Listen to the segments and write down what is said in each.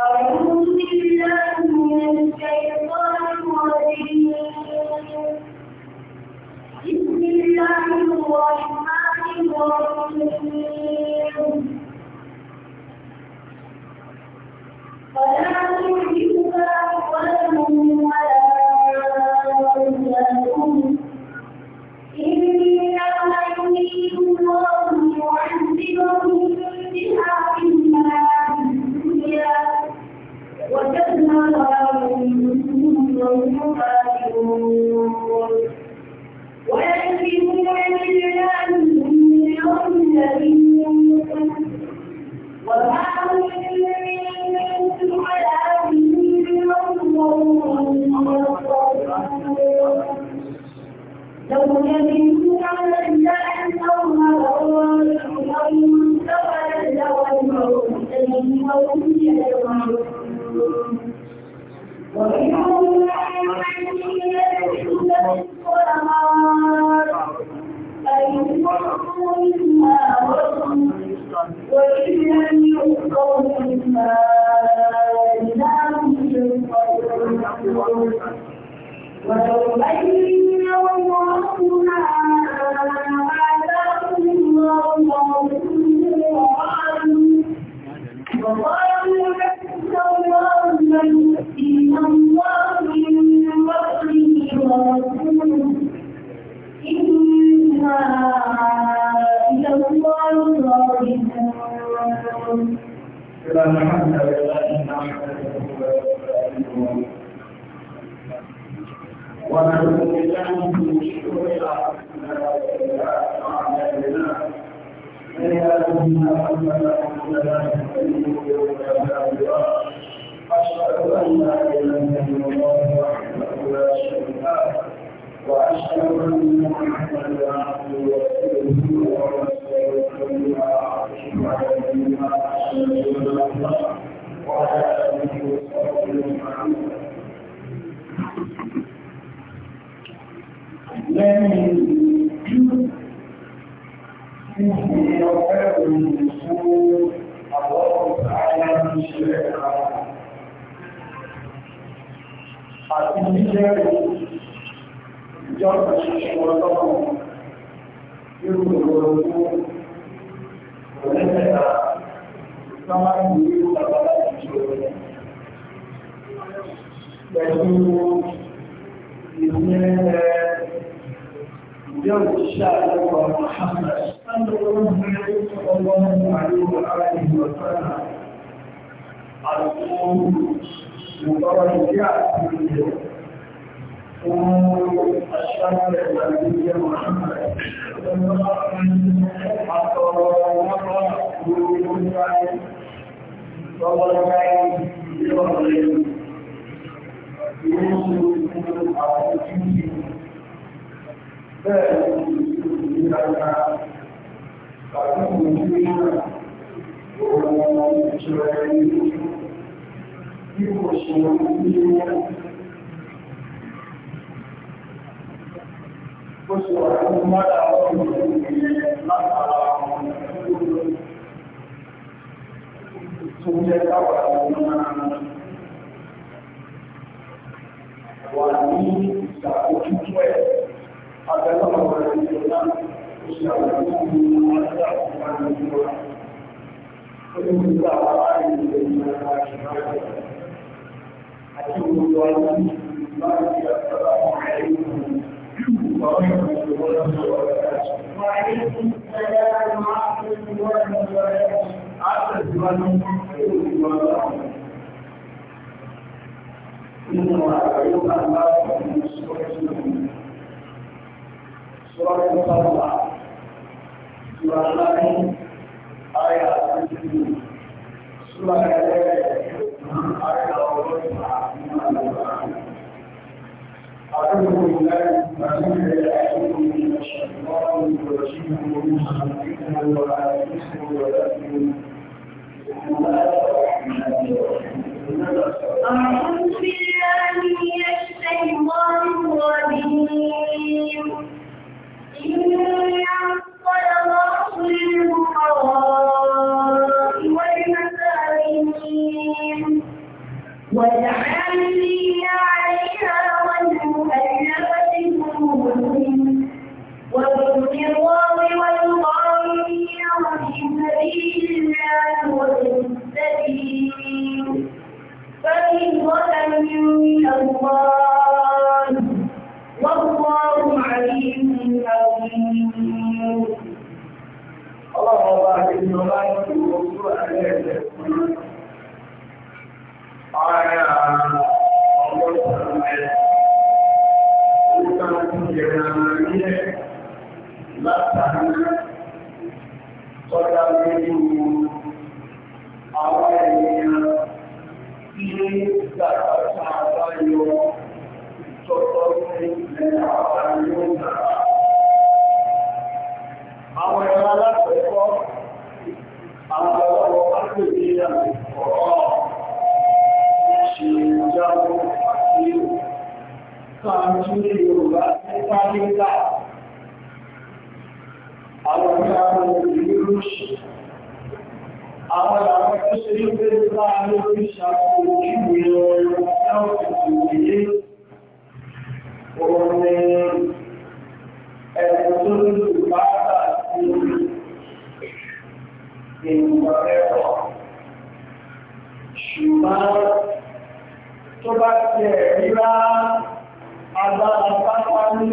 أعوذ بالله من الشيطان الرجيم بسم لو لم مما لنا حتى tí ìgbàgbà àbáyọ ìtọ́tọ́ ní ilẹ̀ Àwọn ẹ̀rọ alákọ̀ọ́kọ́, àwọn ọlọ́wọ́ bá pè ní àmìkọ̀ọ́ ṣe ìjáwó àti káàkiri ní Yorùbá ní Pálíkà. Àwọn ìjáwó ìlú ṣe àwọn àwọn tó ṣe ní pé bá ló fi ṣàkóso ìwé ọ̀rọ̀ láwùjọ ìwé òun ni ẹ̀sùn tó ń lò bàtà sí ènìyàn ẹ̀rọ ṣùgbọ́n tó bá ti ẹ̀rí agbára pápá ní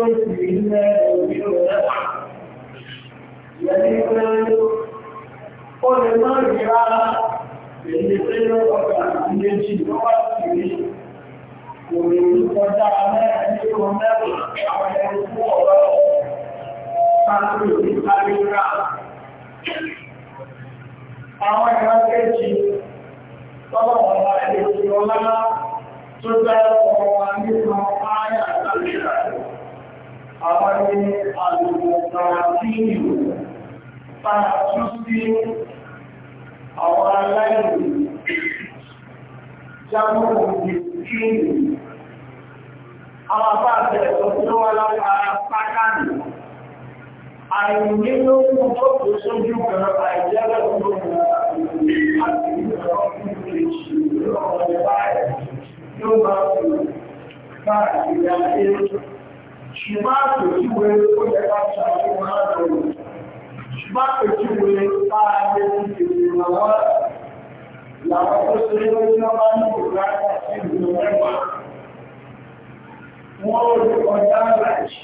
Èyí àwọn ẹni fún ọ̀rọ̀ káàkiri ní tó bẹ́ẹ̀ ọmọ wa nínú ààyà Kàríkà àwọn ẹni alùmọ̀kàtíyù táa tún sí àwọn aláìní jámọ́rù ìpínlẹ̀ àwọn bá bẹ̀rẹ̀ tó wá lápára pákánì àìní ló mú tó tó sójú kan àìjẹ́rẹ̀ tó mú àti ìrọ̀ ìpínlẹ̀ ìṣèlú ọ̀rọ̀ báyìí tó bá fún báyìí ṣùgbọ́n àpèjúwe ó yẹ ká ṣe àwọn àjọyọ̀ ṣùgbọ́n àpèjúwe bá a lè fi èdè lọ́wọ́ làwọn tó ṣe é lórí lọ́wọ́ ní ìgbà àti ìlú mẹ́wàá wọ́n ó lè kọjá láìsí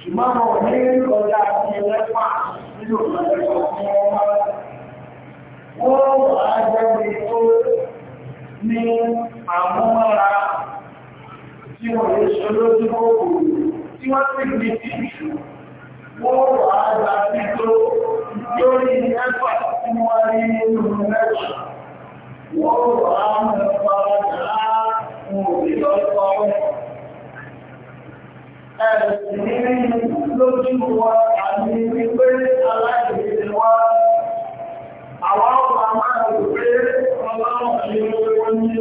ṣùgbọ́n wọn ò ní kọjá àti ẹlẹ́fà nínú ìgbàlejò fún wọn wọ́n wà á jẹ́ mi tó ní àmúmọ́ra tí wọ́n yóò ṣe lójú òkúrò tí wọ́n sì ní tìṣù wọ́n wà á gbà tító lórí ẹgbà tí wọ́n rí nínú mẹ́jọ wọ́n wà á mọ̀ paradà fún ìlọ́pọ̀ ẹ̀sìn nínú lójú wa àti wípé aláìsí wa àwọn ọmọ máa rò pé ọlọ́run ní owó ní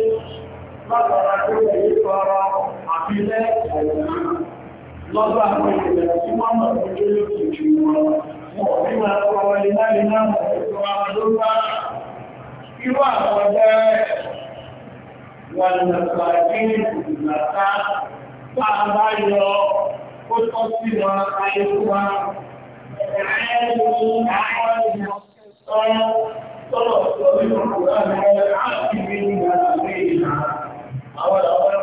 látara tó lè fara ọ ilẹ̀ ẹ̀wọ̀n àwọn ìpìlẹ̀ tí wọ́n mọ̀ àwọn ló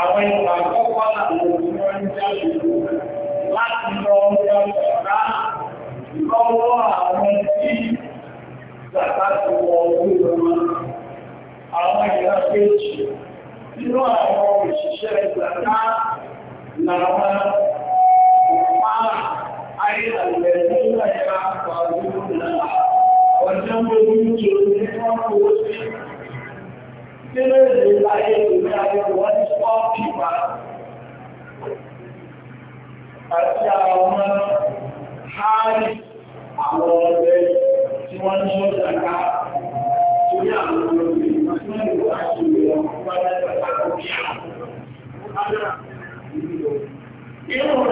àwọn ìwà àkọ́kọ́ láti lọ́wọ́ àwọn tí ìgbàtàkì wọ orí wọn àwọn ìlà péjì nínú àwọn òṣìṣẹ́ ìgbàtà làwọn òpá ayélujára ìgbàtà ọjọ́ orí tó ní wọ́n kó sí kéré lè láyé lórí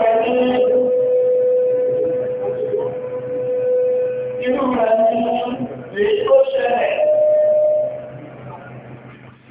rẹ̀ ní inú rẹ̀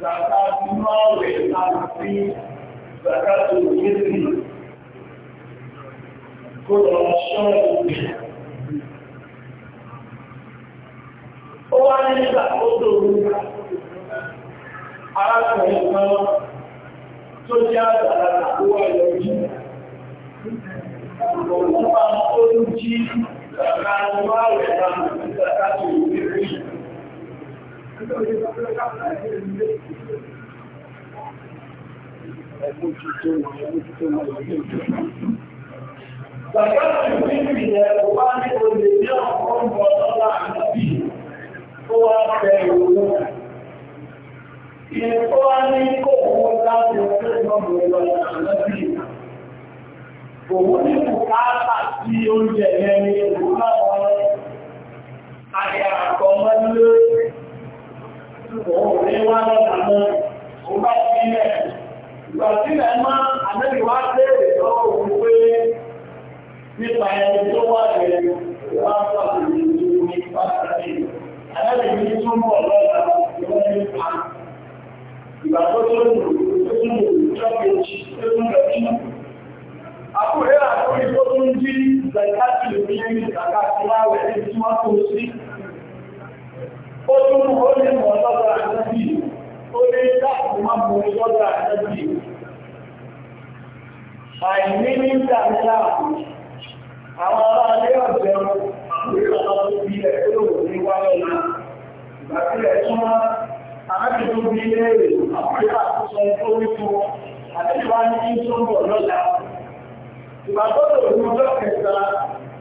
zàkà tí máa wẹ̀ láti sí zàkà tó yé sí kó lọ ṣọ́ọ̀bù. Ó wá ní ìgbà tó dòrú arákùnrin kan tó jẹ́ àgbàlagbà tó wà lọ́jọ́. Òun máa tó ń jí zàkà tí máa wẹ̀ láti tó yé Bàbá ìpínlẹ̀ ìyẹ̀ kò bá ní olè ní ọ̀pọ̀ ọ̀pọ̀ lọ́la àti tó wá tẹ ìwò. Ìyẹ̀ tó wá ní kò wọ́n láti ọjọ́ ìgbọ̀mọ̀ lọ́la àti òun ní bùkátà sí oúnjẹ ẹni ìlú láwọn àyàkọ̀mọ́lé òun ní wá lọ́nà mọ́ òun bá sí tó wà rẹ̀ wá sọ ìlú ní pàtàkì àmẹ́lì ní tí wọ́n tó sí ó tún ó lè nke lọ́dọ̀ àjẹ́bì ó lè dákùn má mọ̀ lọ́dọ̀ àjẹ́bì àìní ní ìdàmílà àwọn ará alẹ́ ọ̀jẹ́ ìgbàtílẹ̀ tó tó wí ní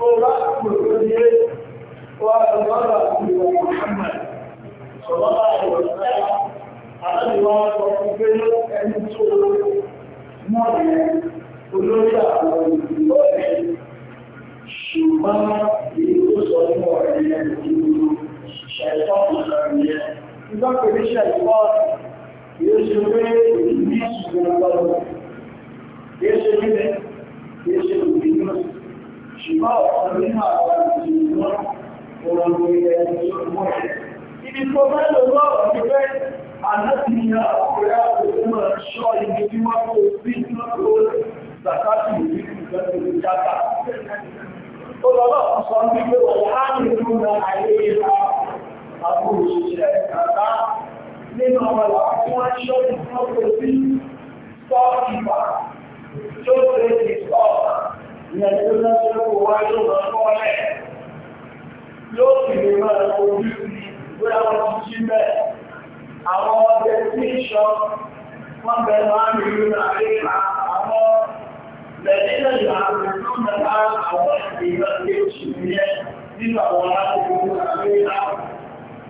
وبعد كل وأمر محمد صلى الله عليه وسلم على الله وكفر أن تقول مريم olórí àwọn ìlú ọ̀rẹ́ ṣùgbọ́n ìlú sọ ní ọ̀rẹ́ ìlú ṣẹ̀tọ́ ìlọ̀rẹ́ nígbà pẹ̀lú ṣẹ̀tọ́ yóò ṣe pé ìlú ìṣùgbọ́n lọ́wọ́ yóò ṣe nílẹ̀ yóò ṣe òbí náà ṣùgbọ́n ọ̀pọ̀ nínú àwọn ìṣòro ọ̀rọ̀ ìrẹ̀ ìṣòro ibi tó bá lọ lọ́rọ̀ ti fẹ́ àlọ́tìyà ọ̀rẹ́ àgbẹ̀mọ̀ ṣọ́ ibi tí wọ́n kó sí lọ́pọ̀ zakati ìlú ìgbẹ́sẹ̀ játa ó lọ lọ́ sọ ní pé wọ́n á ní ìlú na ayé ìlà àbò òṣìṣẹ́ kàtà nínú ọmọ ìwà tí wọ́n ṣọ́ ibi tí wọ́n kó sí sọ́ọ̀kì ìyẹn tó lọ sí ọkọ̀ wá yóò lọ kọ́ lẹ̀ yóò sì lè máa ojú sí bóyá wọn ti jí bẹ́ẹ̀ àwọn ọdẹ tí ń sọ wọn bẹ máa ń rí àrí àwọn lẹ́yìn ẹ̀yà àrùn tó nà àwọn ìgbà tí ó sì ń yẹ nínú àwọn aláwọ̀ àrí àwọn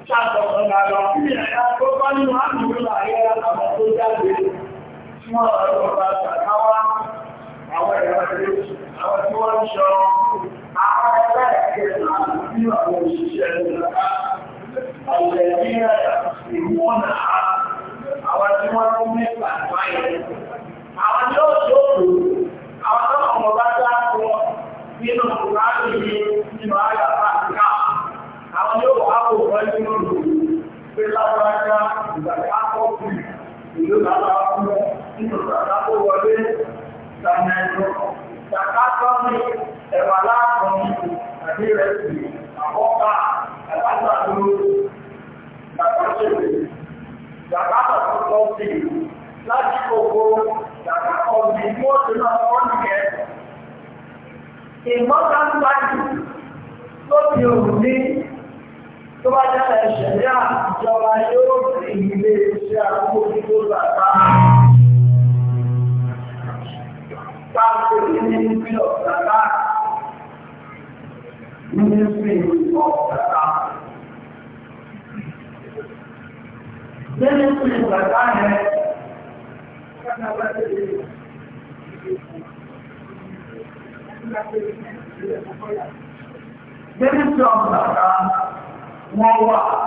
ṣàtọ̀ ọ̀nà àwọn ìpínlẹ̀ ẹ̀ka tó bá nínú àrùn tó nà àrí àwọn tó àwọn ẹ̀rọ ìrètí àwọn tí wọ́n ń ṣọ àwọn ẹgbẹ́ ìkẹta bí àwọn òṣìṣẹ́ ìrìnà àwọn ẹ̀rí ìwọ̀n náà ministry of Naka wọ́n wà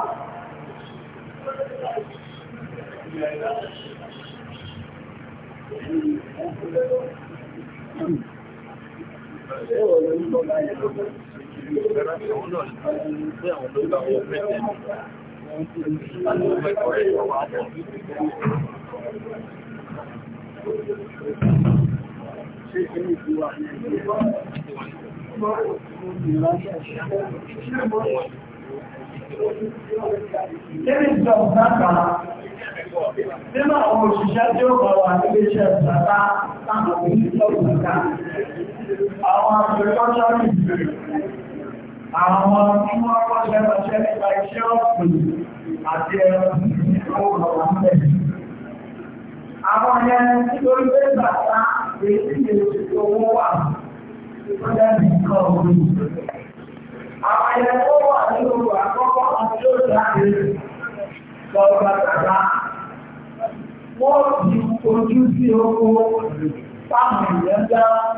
Thank you. Kéré jọ ìdáka nínú àwọn òṣìṣẹ́ tí ó bọ̀ wà nílé iṣẹ́ ìdáka táàmù ìjọ ìdáka. Àwọn akẹ́kọ̀ọ́ṣọ́ ìgbèrè, àwọn tí wọ́n kọ́ṣẹ́ lọ́ṣẹ́ nípa iṣẹ́ ọ̀pìn àti ẹ̀rọ ìgbòrò Àwọn ẹni tí ó lọ́dẹ̀ bí kan òun. Àwọn ẹ̀yẹ Wọ́n ti ojú sí oko táwọn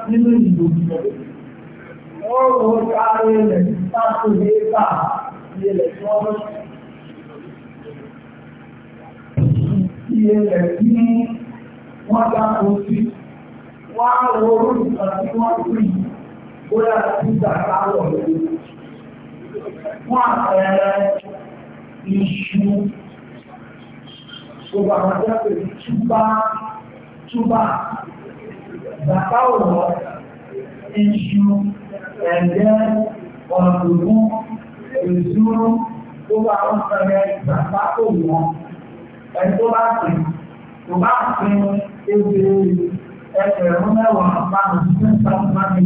nínú ìlú. Wọ́n rò ó ilẹ̀ sáàtò ní ojú, wọ́n rò bóyá títà káwọ̀ lórí. Wọ́n àpẹẹrẹ iṣu gbogbo àwọn akẹ́kọ̀ọ́ yìí túbá túbá e òwò iṣu ẹ̀gẹ́ ọ̀dùnkún ìṣúrú gbogbo àwọn akẹ́kọ̀ọ́ yìí bàbá òwò ẹ̀tọ́ assim pè kò bá pè é ẹgbẹ̀rún mẹ́wàá bá é o máa ń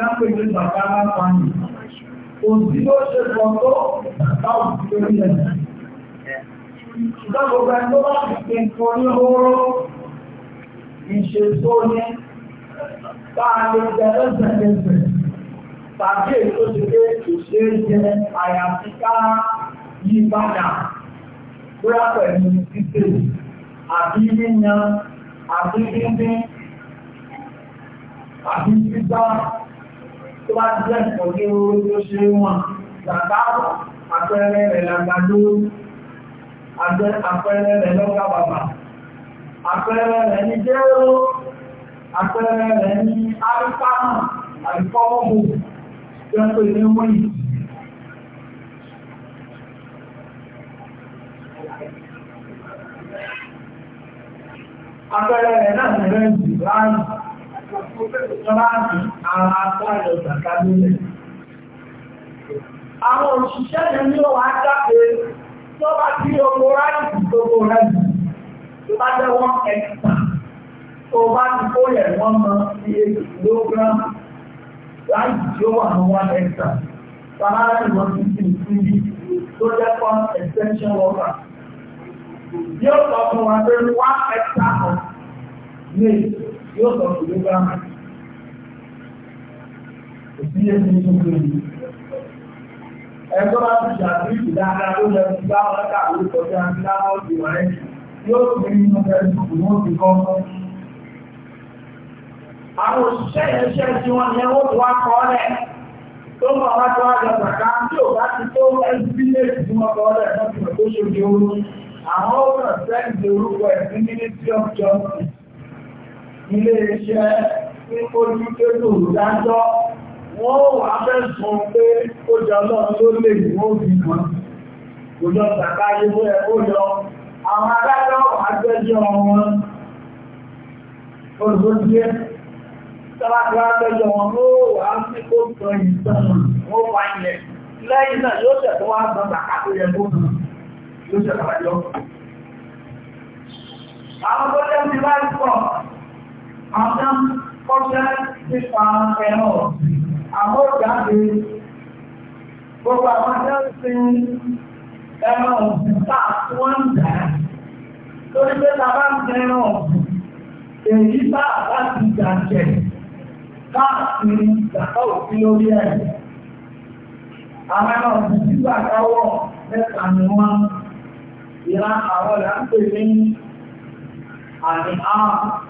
lápò ìlú bàbá aláfààní òsì ló ṣe pọ̀ tó báwo ti lórí ẹ̀. ṣùgbọ́n gbogbo ẹni tó bá ti pè nǹkan ní oró ìṣètò ní bá a lè jẹ lẹ́sẹ̀kẹsẹ̀ tàbí èso ti pé kò ṣeé jẹ àyàfi ká yí padà bóyá pẹ̀lú títè àbí yíyan àbí díndín àbí gbígbá tó bá ti jẹ́ ìtàn ní oró tó ṣe wọn gbàgbàbọ̀ àpẹẹrẹ rẹ̀ làgbàdo àpẹẹrẹ rẹ̀ lọ́gà bàbà àpẹẹrẹ rẹ̀ ní jẹ́rọ àpẹẹrẹ rẹ̀ ní arífáàmù àrífọ́wọ́mù tí wọ́n pè ní wọ́nyí àpẹẹrẹ rẹ̀ náà rẹ̀ jù láàrín kíláàsì ara àtàrà ìgbàkà nílẹ̀. Àwọn òṣìṣẹ́ yẹn ní ọwọ́ ajáde tó bá tí owó ráìsì tó bó ráìsì tó bá jẹ́ wọ́n ẹ̀kìtà tó bá ti kó yẹ̀ wọ́n mọ sí èdè kìlógíráàmù ráìsì tí ó wà ní wọ́n ẹ̀kìtà. extension worker. Yóò sọ fún wa pé wọ́n ẹ̀kìtà yóò sọ fún lóbá hàn kò sí èsì tó lórí ẹgbẹ́ bá ti ṣàtúnṣe dáadáa ló lọ sí báwọn ọ̀tá àwọn ìtọ́jú àti láwọn òbí rẹ̀ yóò fi inú ẹ̀sùn wọn ti kọ́kọ́. àwọn òṣìṣẹ́ yẹn ṣe tí wọ́n yẹ wọ́n tó wá kọ́ lẹ̀ tó mọ̀ wá tó wá lọ kàkà tí ò bá ti tó ẹbí léèkì tí wọ́n kọ́ lẹ̀ lọ́sùn tó ṣojú ooru àwọn ó kàn sẹ́ǹdì orúkọ ẹ̀sìn Ministry of Justice ilé-iṣẹ́ ojú kéjò dájọ́ wọ́n wà fẹ́sùn pé ó jọ lọ́nà ló lè wọ́n fi kan kò jọ tàbá ilé ẹ̀kọ́ yọ àwọn adájọ́ àgbẹ́jọ́ wọn olùdókíẹ́ tọ́lágbà àgbẹ́jọ́ wọn ló wà sí kó sọ tàkà àwọn tó ti láì Adam kọjá nípa ẹ̀rọ àbọ̀jáde gbogbo àwọn ẹ̀rọ sí ẹ̀rọ òsìta tí wọ́n ń dà lórí pé bàbá ń tẹ̀rọ èyí bá láti jàjẹ̀ káàkiri ìjàkọ́ òfin lórí ẹ̀. Àwọn ẹ̀rọ òsìtì gbàgbọ́ mẹ́ta ni wọ́n ìran àwọn ìlànà pè ní àní ààrùn.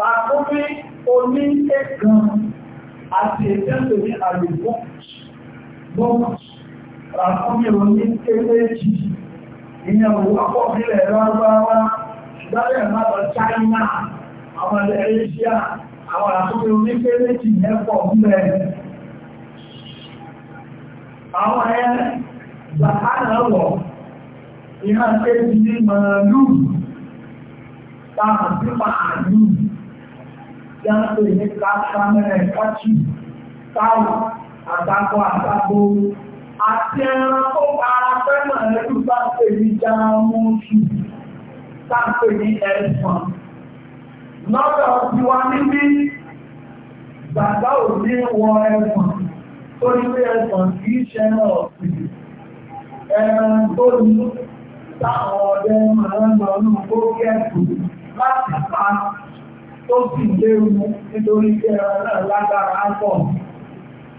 Ràkúnmí oní ẹ̀gàn àti ìjẹ́sẹ̀ ní àlùkò bọ́ọ̀t. Ràkúnmí oní ẹ̀lẹ́jì ìyẹn òwú akọ́bílẹ̀ rárá dálẹ̀ mọ́tọ̀ China, àwọn ilẹ̀ Asia, àwọn ràkúnmí oní ẹ̀lẹ́jì mẹ́pọ̀ mẹ́ Àwọn ẹ̀ Zàkánà wọ̀, ìhàn kéjì ní màálù, táà sí màálù jáńpé ní kásámẹ́rẹ̀ káàkì táwù àtàkọ àtàkọ àti ẹran tó para fẹ́mọ̀ ẹ̀rú sáfẹ́ ní jáàmù oṣù sáfẹ́ ní ẹ̀fọn lọ́dọ̀ ti wá níbí bàbá ò ní wọ ẹ̀fọn tó ní pé ẹ̀fọn kì í ṣe ẹran ọ̀sìn ẹran tó ní táwọn ọdẹ máa ń lọ ní kó kẹ́kọ̀ọ́ láti pa tó sì léwu nítorí pé ẹran náà lágbára á pọ̀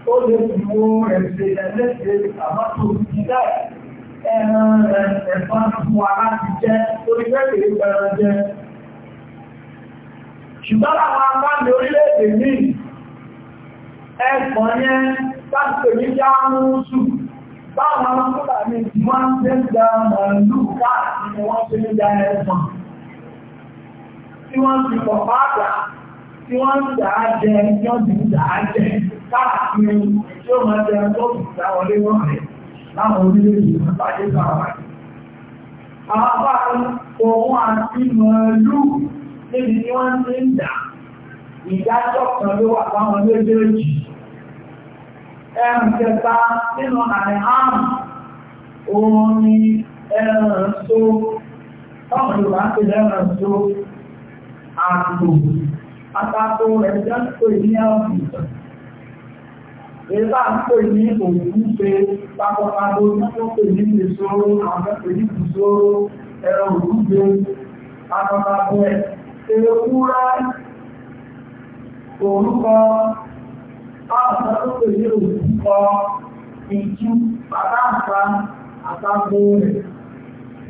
ó lè fi wo ẹ̀sẹ̀ ẹlẹ́sẹ̀ àbátò ìdílé ẹran ẹ̀fọn fún ara ti jẹ́ torí pẹ́kẹ̀ẹ́ ẹran jẹ́ ṣùgbọ́n àwọn abáàmì orílẹ̀-èdè ní ẹ̀fọn yẹn láti ní jáàmùsù báwọn akọ́lá ní wọ́n ń gbé ń màálù káàkiri wọ́n ṣe ń da ẹ̀fọn tí wọ́n ti pọ̀ pàápà tí wọ́n ń dà á jẹ yọ́n ti ń dà á jẹ káàkiri tí ó máa jẹ tó fi dá wọlé wọ́n rẹ̀ láwọn orílẹ̀-èdè wọn pàdé sára. Àwọn bá òun àti mọ̀ọ́lú níbi tí wọ́n ti ń dà ìdájọ́ kan ló wà fáwọn méjèèjì. Ẹ̀rùn kẹta nínú àmì àrùn òun ni ẹran so, táwọn Yorùbá ń pè lẹ́ran so ààtò àtàtò rẹ̀ jẹ́ pé ní ọ̀sìn Èlá ń pè ní òkú pé pápọ̀pápọ̀ tó pè ní ìṣòro, àwọn pè ní ìṣòro, ẹ̀rọ òkúgbé, pápọ̀pápọ̀ ẹ̀. Èrò kúrá orúkọ, àwọn tó pè ní òkúkọ, ìjú, pàtàkà, àtàkò rẹ̀.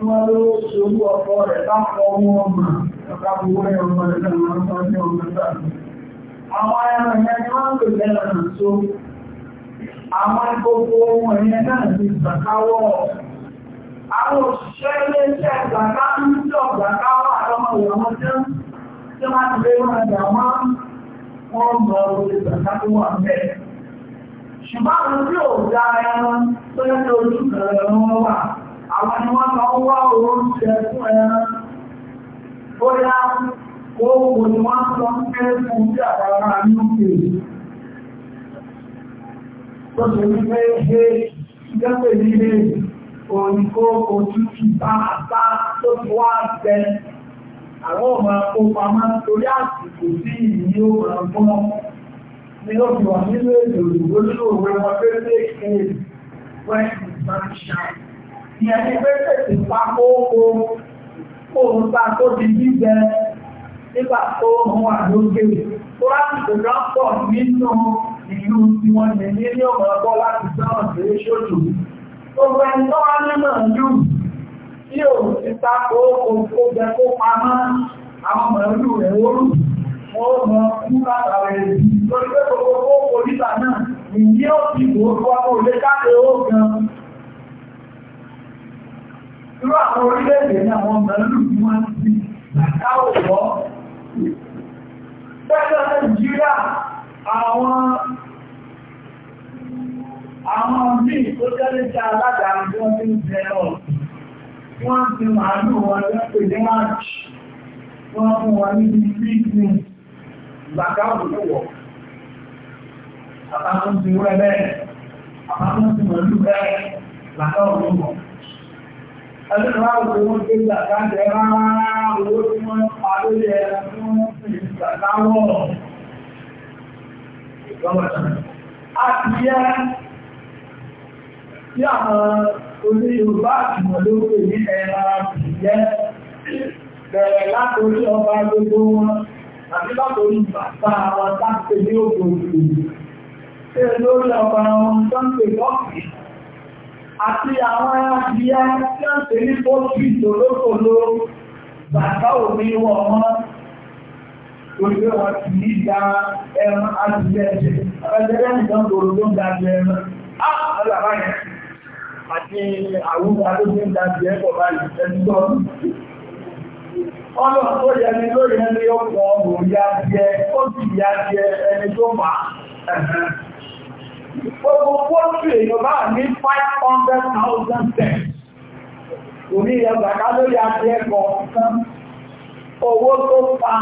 Wọ́n ló ṣorú ọkọ rẹ̀ lápọ̀ wọn mọ̀. Àwọn ẹran ẹ̀yẹn ni wọ́n ń lò lẹ́ran tó. Àwọn gbogbo ohun ẹ̀yẹn náà ti gbàkáwọ́. Àwọn òṣìṣẹ́ ilé iṣẹ́ gbàká ń jọ gbàkáwọ́ àtọmọ ìwọ̀n tí tí wọ́n ti lé wọn dà wọ́n wọ́n mọ orí gbàká tó wà bẹ́ẹ̀. Ṣùgbọ́n àwọn tí ò dá ẹran tó bóyá oògùn ni wọ́n sọ ń pé fún bí àtàrà ní òkè tó ṣe ní pé ṣe gẹ́gbẹ̀ nílé òyìnbó ojú ti bá bá tó ti wá jẹ àwọn ọmọ akópamọ́ torí àsìkò sí ìyí ó ràn fún ni ó fi wà nínú èdè òyìnbó nínú òwe wọn pé pé ṣe west sunshine ìyẹn ni pé tètè pa òun ta tó di gbígbẹ nígbà tó òun wà lókè tó láti tó rán pọ̀ nínú ìlú tí wọ́n lè ní ní ọmọ ọgbọ́ láti dáhùn sí ṣòjò gbogbo ẹni tó wá nínú ìlú tí ò ti ta kó òkú jẹ kó pamọ́ àwọn ọmọ ìlú rẹ̀ orú wọn ó mọ kú látàrí èyí lórí pé gbogbo kó polítà náà ìyí ó ti wò ó fọ́ ọmọ òlé káàkiri ó gan Irú àwọn orílẹ̀-èdè ní àwọn mẹ́lú tí wọ́n ti lákáwọ̀ Bẹ́ẹ̀ Nàìjíríà, àwọn àwọn míì tó jẹ́lé jẹ́ aládàáni tí wọ́n ti ń jẹ ọ̀sìn. Wọ́n ti màálù wọn lẹ́pẹ̀ ní Máàjì. Wọ́n fún wọn níbi fíìsì lákáwọ̀ lọ́wọ́. Àbáwọn ti wẹ́ bẹ́ẹ̀, àbáwọn ti màálù bẹ́ẹ̀ lákáwọ̀ lọ́wọ́. Ẹni àwọn orí Yorùbá àtìmọ̀ ló pè ní ẹran ìyẹ́ bẹ̀rẹ̀ látorí ọba gbogbo wọn àti látorí bàbá wọn láti pè ní òkòòkò àti àwọn adìyẹ tí ó ń pè ní pọ́tù tòlótòló bàbá òní wọ̀ wọ́n torí wọn kì í da ẹran adìyẹ jẹ ẹgbẹ́rẹ́ nìkan gbòòrò tó ń da jẹ ẹran á ọlọ́wọ́ yẹn àti àwùjọ adójú ń da jẹ ẹ̀kọ́ báyìí ẹgbẹ́ ọ̀nà tó yẹ ni ló yẹ ni ó pọ̀ ọ̀rọ̀ ya ó sì ya jẹ ẹni tó mà á Gbogbo pọ́ọ̀tù èèyàn bá ní 500,000 steps. Orí ẹgbàká lórí àti ẹ̀kọ́ kan. Owó tó pa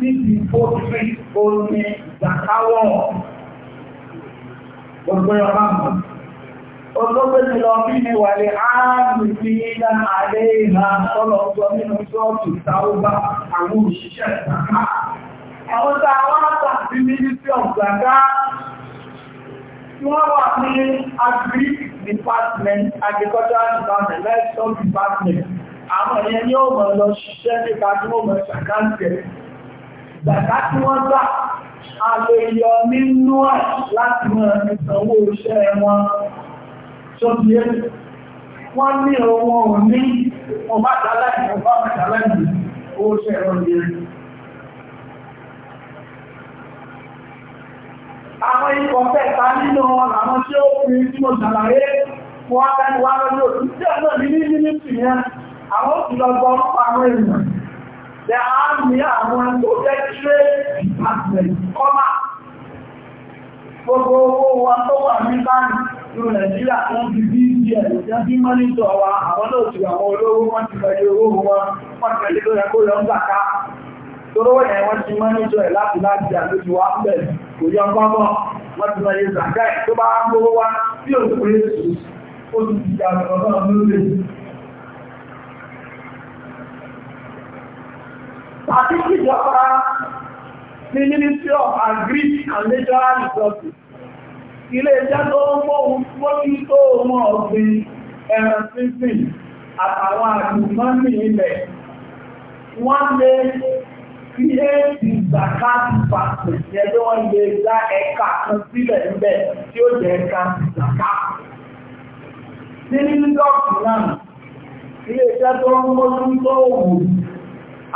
níbi pọ́ọ̀tù omi ìjàkáwọ̀. Gbogbo ọba mọ̀. Olóògbé ti lọ bí ní wàlẹ̀ áàrùn sí ilẹ̀ àlẹ́ ìlà ọlọ́gbọ́ nínú ṣọ́ọ̀tù táwọ́bá àwọn òṣìṣẹ́ ìtàkà. Àwọn tàwọn àtàbí mínísítì ọ̀gbàgá tí wọ́n wà ní agri department agricultural department livestock department àwọn ẹ̀yẹn ni ó mọ̀ lọ ṣiṣẹ́ nípa tí wọ́n mọ̀ ṣàkáǹtẹ̀ gbàgbá tí wọ́n gbà àlò ìyọ nínú ẹ̀ láti mọ̀ ìsanwó iṣẹ́ wọn tó bí é wọ́n ní ohun òní ọmọ àtàlẹ́ ìfọ̀fọ́ àtàlẹ́ ìfọ̀fọ́ ṣẹ̀rọ̀ yẹn àwọn ikọ̀ pẹ̀ta nínú àwọn tí ó fi tí mo ṣàlàyé wọ́n tẹ́lúwà lọ́jọ́ tí ó náà ní ní yẹn àwọn ní àwọn tó jẹ́ trade department kọ́mà gbogbo owó wa tó wà ní báyìí ní nàìjíríà tó ń fi bí ìdí ẹ̀ wa àwọn náà torówó yẹn wọ́n ti máa ń jọ ẹ̀ láti láti àlójú wa bẹ̀ kò yọ gbọ́gbọ́ wọ́n ti lọ yẹ zàkà ẹ̀ tó bá gbówó wá bí òun kò yẹ sùn ó ti di àti ìjọba ní Ministry of Agri and Natural Resources ilé iṣẹ́ tó ń tó mọ́ ọ̀gbìn ẹran Ihe ti zaka department yẹn ni wọ́n lè kan sílẹ̀ níbẹ̀ tí ó jẹ́ ẹ̀ka zaka. Nínú dọ́kì náà, ilé iṣẹ́ tó ń mójú tó wù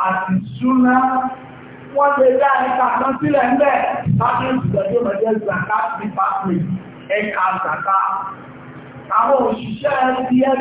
àti ṣúná wọ́n dá kan sílẹ̀ níbẹ̀ láti zaka zaka. Àwọn òṣìṣẹ́ ti yẹn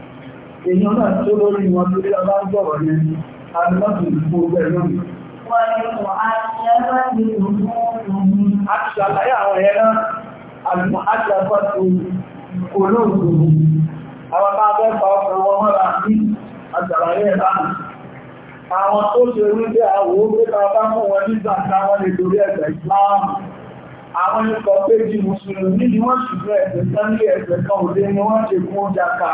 èyàn náà tó lórí wọn tó rí ọlá ń sọ̀rọ̀ ní alimọ́tò ìfò ọgbẹ́ lónìí. Wọ́n ni wọ́n á ṣe ẹgbẹ́ ìlú mú òun. A ti ṣàlàyé àwọn ẹ̀yẹ náà, àlùmọ́ á ṣe ẹgbẹ́ tó olóògùn. Àwọn bá bẹ́ pa ọkọ̀ wọn mọ́ra ní àṣàlàyé ẹ̀ náà. Àwọn tó ṣe wípé àwọn òwe ta bá mú wọn ní gbàgbá wọn lè dorí ẹ̀sẹ̀ Ìsìláàmù. Àwọn ikọ̀ péjì Mùsùlùmí ni wọ́n ṣùgbọ́n ẹ̀sẹ̀ Sánlé ẹ̀sẹ̀ kan òde ni wọ́n ṣe fún ó jàkà.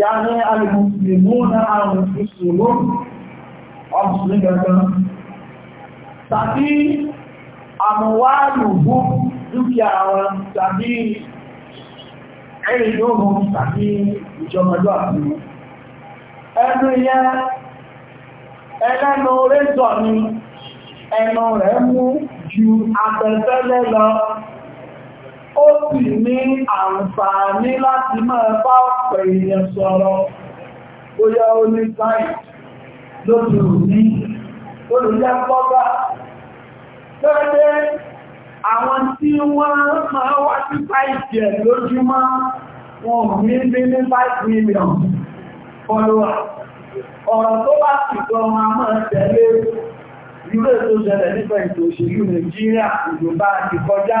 yàní alìmùsùlùmù náà àrùn ìṣòro ọmọsùlùmí gẹ̀gẹ̀ tàbí àmúwàlùgbò dúkìá wọn tàbí ẹ̀rìn lóhun tàbí ìjọmọ̀lọ́ àfihàn ẹnu yẹ ẹlẹ́nu rédọ̀ ni ẹnu rẹ̀ mú ju àtẹ̀tẹ́lẹ́ lọ ó sì ní àǹfààní láti máa bá ọ̀pọ̀ èèyàn sọ̀rọ̀ bóyá ó ní sáì lójú òní olùjẹ́ pọ́gbà pẹ́lẹ́ àwọn tí wọ́n máa wá sí sáìtì ẹ̀ lójúmọ́ wọn ò ní bí ní 5 million followers ọ̀rọ̀ tó bá sì gan wọn a máa tẹ̀lé ilé tó ṣẹlẹ̀ nípa ètò òṣèlú Nàìjíríà ìjọba àti kọjá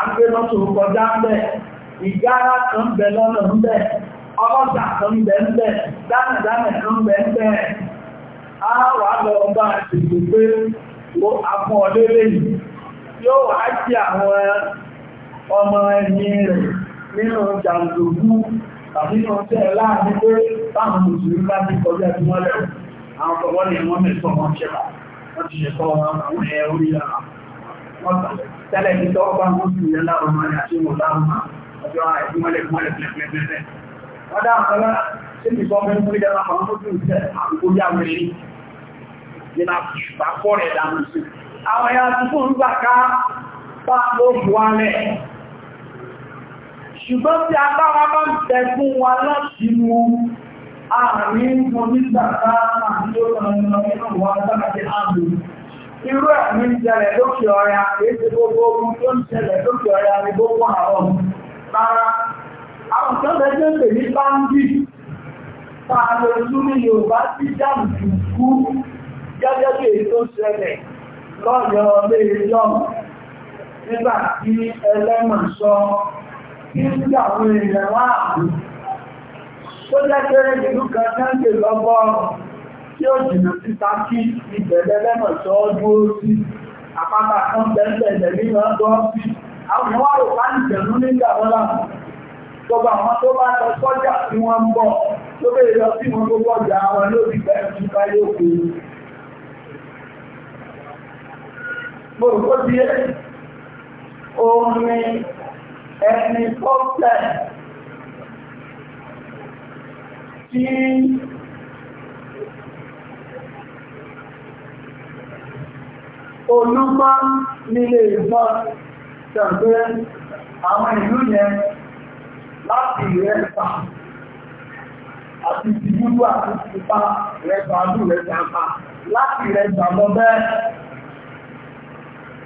àgbé mọ́tò kọjá ń bẹ̀ ìgára kan bẹ lọ́nà ń bẹ̀ ọlọ́sà kan bẹ ń bẹ̀ dánàdánà kan bẹ ń bẹ̀ á wà lọ bá àtìgbò pé ó afọ́ ọlẹ́lẹ́ yìí yóò wá sí àwọn ọmọ ẹni rẹ̀ nínú jàǹdùkú tàbí nínú tẹ́ láàrin pé táwọn mùsùlùmí bá ti kọjá tẹ́lẹ̀ ní tọ́wọ́ bá ń kó sí ìyẹn láwọn ọmọ àti ìwọ̀n láwọn ọmọ ọjọ́ àìsímọ́lẹ̀ mọ́lẹ̀ pẹ̀lẹ́pẹ̀lẹ́ wọ́n dá àwọn ọmọ ṣé ti sọ fẹ́ fún ìjọba àwọn ọmọ tó ń tẹ àkókò yá wẹ̀rẹ̀ ní na bá kọ́ rẹ̀ dànù sí àwọn ẹ̀yà tuntun ń gbà ká bá ló bu alẹ́ ṣùgbọ́n tí agbára bá ń tẹ fún wa láti mú irú ẹ̀mí ń jẹlẹ̀ lókè ọya kéèké gbogbo ogun tó ń jẹlẹ̀ lókè ọya ní gbogbo àwọn rárá àwọn tó lẹ́jọ́ pè ní báńdì pàlọ́jú ní Yorùbá sí jàǹdù kú gẹ́gẹ́ bí èyí tó ṣẹlẹ̀ lọ́yọ̀ọ́ lé ẹjọ́ nígbà tí ẹlẹ́mọ̀ sọ nígbà àwọn èèyàn wà tó jẹ́ kéré ìlú kan sáńkè lọ́gbọ́rùn tí ó jìnà sí sákí ìbẹ̀lẹ̀ lẹ́nà tó dúró sí àpáta kan bẹ̀ẹ̀bẹ̀ẹ̀ nínú ọdọ́ sí àwọn wá rò bá nìjẹ̀nú nígbà wọn láàmú gbogbo àwọn tó bá lọ sọ́jà tí wọ́n ń bọ̀ tó bèèrè lọ sí wọn gbogbo ọjà wọn lórí bẹ́ẹ̀ tí bá yóò tí olúmọ́ nílé ìfọ́ tẹ̀gbẹ́ àwọn ìlú yẹn láti rẹ̀ta àti ìdíjú àti ìpa rẹ̀ta àdú rẹ̀ta àpá láti rẹ̀ta lọ bẹ́ẹ̀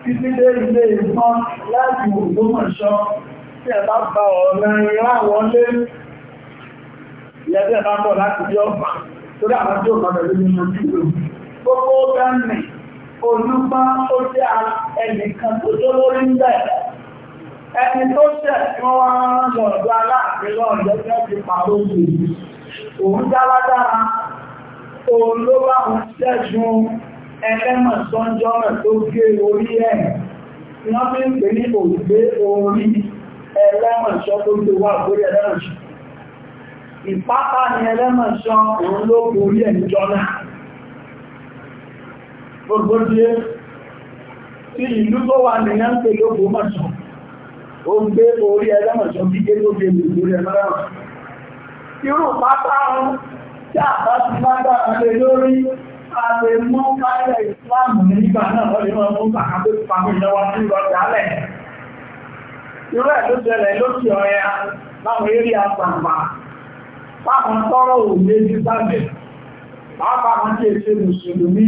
títí dé ilé ìfọ́ láti Ògbómọ̀ṣọ́ tí ẹ bá bá ọ̀rẹ́ ìráwọlé ìyẹ́dẹ̀ bá bọ̀ láti bí ọ̀pá torí àwọn tí ó kọ̀ọ̀rẹ̀ lórí ọjọ́ ìlú gbogbo gánìí olúgbá ó jẹ́ ẹnìkan tó tó lórí ń bẹ̀. Ẹni tó ṣẹ̀ tí wọ́n wá rán lọ́dọ̀ aláàfin lọ́dọ̀ tí wọ́n ti pàrọ̀ òjò yìí. Òun dáradára, òun ló bá òun ṣẹ́gun ẹlẹ́mọ̀ sọ́njọ́ rẹ̀ tó gé orí ẹ̀. Wọ́n fi ń pè ní ògbé orí ẹlẹ́mọ̀ sọ́ tó gbé wà lórí ẹlẹ́mọ̀ Ìpápá ni ẹlẹ́mọ̀ òun ló borí ẹ̀ jọ náà gbogbo díẹ̀ tí ìlú tó wà ní yá ń pè lóògbò mọ̀ṣọ́ ó ń gbé orí ẹlẹ́mọ̀ṣọ́ gígé tó gbé lè lórí ẹlẹ́mọ̀ṣọ́ irú pátá ọ̀run tí àbá ti máa dára lé lórí àlè mú káyẹ̀ ìsìláàmù nígbà náà lọ́lé wọn mú bàkà tó pàmì ìlọ́wọ́ sí ìrọ̀jà alẹ́ irú ẹ̀ ló ṣẹlẹ̀ lókè ọ̀yà láwọn eré àtàǹbà fáwọn pàápàá wọn kí èsè mùsùlùmí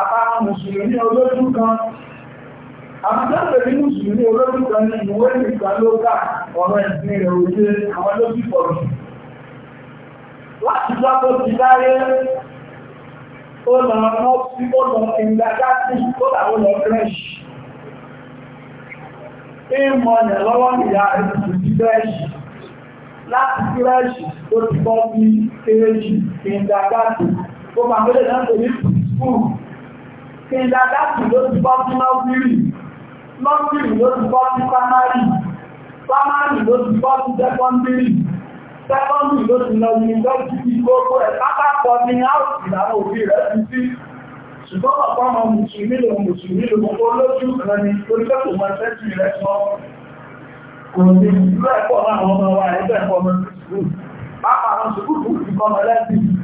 àtàwọn mùsùlùmí olójú kan àmọ́sẹ́sẹ̀ ní mùsùlùmí olójú kan ní ìwé nìkan ló ká ọ̀rọ̀ ìsìn rẹ̀ òye àwọn lójú pọ̀jù láti gbá tó ti dáyé ó lọ mọ́ sí ó lọ ìgbàjáde tó làwọn lọ kírẹ́ṣì ìmọ̀ ọ̀nà lọ́wọ́ ìyá ẹ̀sùn ti kírẹ́ṣì láti kírẹ́ṣì tó ti bọ́ bí kéréjì ìgbàjáde tó máa mẹ́lẹ̀ náà tó ní skúù ìlàdàtì ló ti bọ́ sí lọ́gbìrì lọ́gbìrì ló ti bọ́ sí pámárì pámárì ló ti bọ́ sí sẹ́kọ́ndìrì sẹ́kọ́ndì ló ti lọ yunifásitì gbogbo ẹ̀ pápákọ̀ ní áùsì láwọn òbí rẹ̀ ti sí ṣùgbọ́n ọ̀pọ̀ ọmọ mùsùlùmí lòun mùsùlùmí lòun kó lójú rẹ̀ ni orílẹ̀-èdè ọmọ ẹ̀sẹ̀tì rẹ̀ sọ kò ní bẹ́ẹ̀ pọ̀ láwọn ọmọ wa ẹgbẹ́ ọmọ sùkúù pápá àwọn sùkúù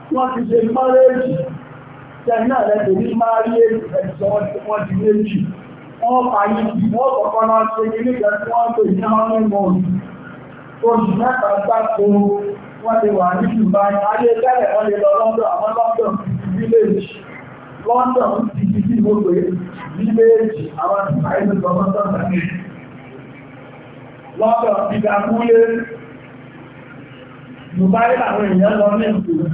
wọ́n ti ṣe márẹ́jì tẹ́nà rẹ̀ kò ní máa rí ẹ̀sọ́ wọ́n ti méjì wọ́n pàyí wọ́n kọ̀kọ́ náà ṣe ilé ìgbà tí wọ́n pè ní ọmọ ìmọ̀ oṣù mẹ́ta gbáko wọ́n ti wà ní Dubai ayé tẹ́lẹ̀ wọ́n lè lọ London àwọn London village London ti di bí mo pè village àwọn àìsàn lọ́dọ̀ London ìdàkúlé Dubai làwọn èèyàn lọ ní ìpínlẹ̀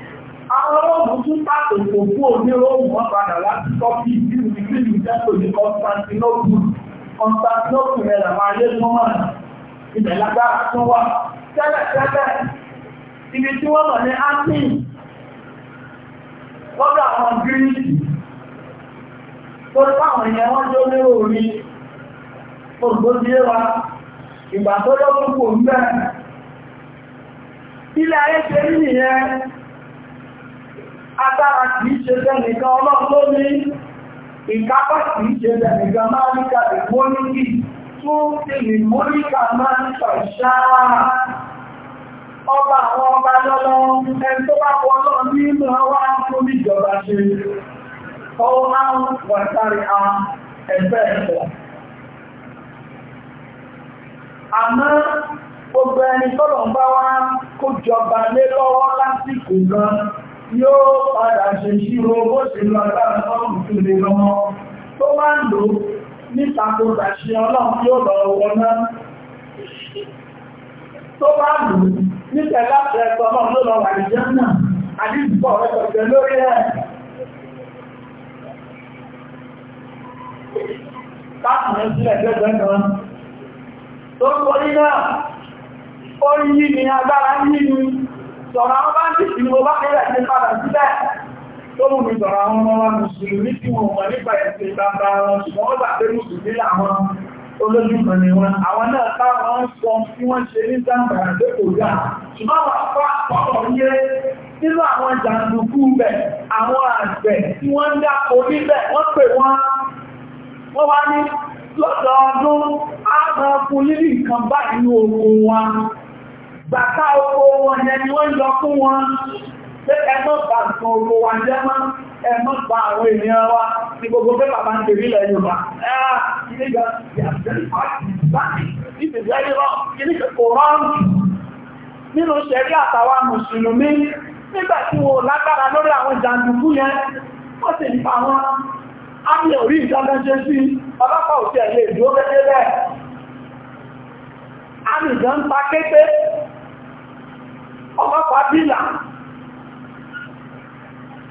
Àwọn ọmọ tún pàtó kò fún oníròhùn wọn padà láti tọ́kì bí ìlú ìlú jẹ́kọ̀ọ́ ní Constantinople. Constantinople rẹ̀ làwọn ayé tó mọ̀ ibẹ̀ lágbára tó wà. Tẹ́lẹ̀tẹ́lẹ̀ ibi tí wọ́n mọ̀ ní Athens lọ́dọ̀ àwọn Gíríìkì tó táwọn ìyẹn wọ́n jó lérò orí ògbódíé wa ìgbà tó lọ́kùnkùn bẹ́ẹ̀. Ilé ayé ṣe rí nìyẹn agbára kìí ṣe tẹ́nìkan ọlọ́run ló ní ìkápá kìí ṣe tẹ́nìkan máa ní kàdé mọ́níkì tó ti lè mọ́níkà máa ń ṣàṣá ọba àwọn ọba lọ́lọ́ ẹn tó bá wọ́n lọ ní ìmọ̀ wá a ẹgbẹ́ ẹ̀kọ́ àmọ́ gbogbo ẹni tọ́lọ̀ ń bá wá kó jọba lé lọ́wọ́ lásìkò gan yóò padà ṣe ṣírò bó ṣe lọ lára ọlọ́run tó lè lọ́mọ tó máa ń lò nítakò tàṣí ọlọ́run yóò lọ wọná tó bá lò nítẹ̀ láti ẹ̀kọ́ ọlọ́run ló lọ wà ní jẹ́nà ó yí ni agbára yí sọ̀rọ̀ àwọn bá ń dì sí mo bá kẹ́rẹ̀ sí padà sílẹ̀ tó mú mi sọ̀rọ̀ àwọn ọmọ wa mùsùlùmí tí wọ́n mọ̀ nípa ẹ̀sìn ìgbàmbà wọn ṣùgbọ́n wọ́n gbà pé mùsùlùmí làwọn olójúmọ̀ ni wọn àwọn náà táwọn ń sọ tí wọ́n ṣe ní zambara tó kò dá ṣùgbọ́n wà fà pọ̀pọ̀ yé nínú àwọn jàǹdùkú bẹ̀ àwọn àgbẹ̀ tí wọ́n ń dá orí bẹ̀ wọ́n pè wọ́n wọ́n wá ní lọ́dọọdún á máa fún lílì nǹkan báyìí ní ogun wa Bàtà oko wọn yẹn ni wọ́n yọ fún wọn pé ẹmọ́ bá nǹkan oko wa jẹ́ mọ́ ẹmọ́ bá àwọn ènìyàn wa ní gbogbo pé bàbá ń tèrí ilẹ̀ Yorùbá. Ẹ́ẹ̀ ilé ìgbà ìyàtọ̀ ìpàtì àmì orí ìjọba ṣe sí ọlọ́pàá òtí ẹ̀lẹ́ ìdúró gẹ́gẹ́ bẹ́ẹ̀. àmì ìjọ ń pa kéte ọmọ pàbílà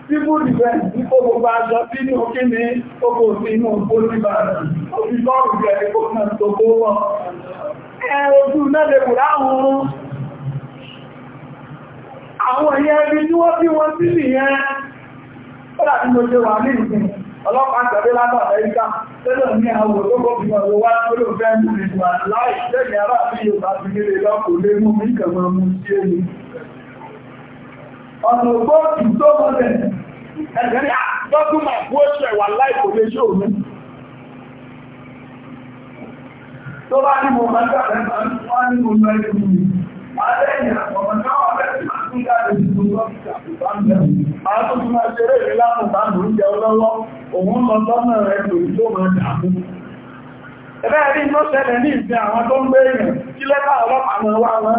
civil defense ní kó gbogbo aṣọ sí ní òkè ní ogbò sí inú ogbò níbàrán ó fi bọ́ọ̀rù jẹ́ ẹgbò náà tó gbó wọn ẹ ojú náà lè kù láwọn àwọn ẹ̀yẹ ẹbí tí wọ́n bí wọn sí nìyẹn ó dàbí mo ṣe wà ní ìsìn ọlọ́pàá tẹ̀lé látọ̀ amẹ́ríkà tẹ́lẹ̀ ní àwọn olóko fi wọ́n wá lórí òfẹ́ mú lẹ́yìn ará àbí yorùbá ti nílé lọ́kùnrin mú mí kàn mú sí èmi ọ̀nà ògbó ti ẹ̀rẹ́ àgbọ́gbùmọ̀ fún oṣù láìpò lè ṣe òun tó bá ní mo máa gbà lẹ́gbà wọ́n ní mo lọ ikú mi alẹ́yìn àwọn náà ọ̀rẹ́ ti máa tún jáde nínú lọ́pìtà tó bá ń bẹ̀rù máa tó tún máa ṣeré Ebe láàmù bá ń lóúnjẹ ọlọ́wọ́ òun lọ sọ́nà rẹ̀ tó máa ẹgbẹ́ ní àwọn tó ń gbé èèyàn kí ọlọ́pàá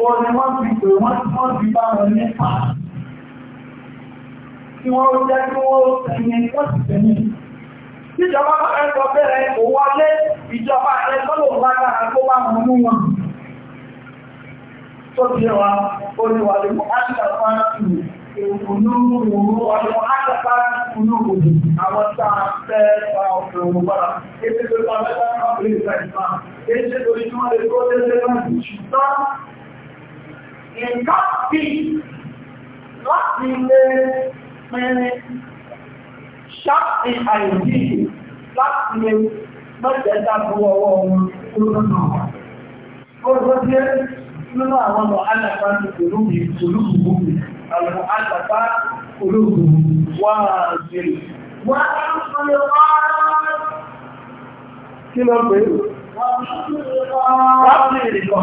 ó ní wọ́n ti pè wọ́n tí wọ́n ti bá wọn nípa kí wọ́n jẹ́ kí wọ́n tẹ̀yìn wọ́n ti tẹ̀yìn Ìjọba ẹ̀kọ́ bẹ̀rẹ̀ òwọlé ìjọba ẹ̀kọ́ lò lágbára tó bá wọn mú wọn. Tó ti yẹ wa, ó ní wà lè mọ̀ láti àwọn olóòrùn ọdún àjọpá olóòrùn àwọn táà fẹ́ pa ọ̀pọ̀ òun bá. Ètò ìgbà mẹ́ta náà lè fẹ́ ìfà. Ètò ìgbà mẹ́ta náà lè fẹ́ ìfà nǹkan bí láti lè pẹ̀rẹ̀ ṣáàtì àìdí láti lè mẹ́tẹ̀ẹ́ta fún ọwọ́ wọn olóòrùn wọn. Ó rọ́ díẹ̀ nínú àwọn ọmọ alàpá olóògbò àwọn alàpá olóògbò wà zèrè. Wọ́n á ń sọ lè wá kí lọ pé? Wọ́n á ń sọ lè wá. Wọ́n á ń sọ lè wá.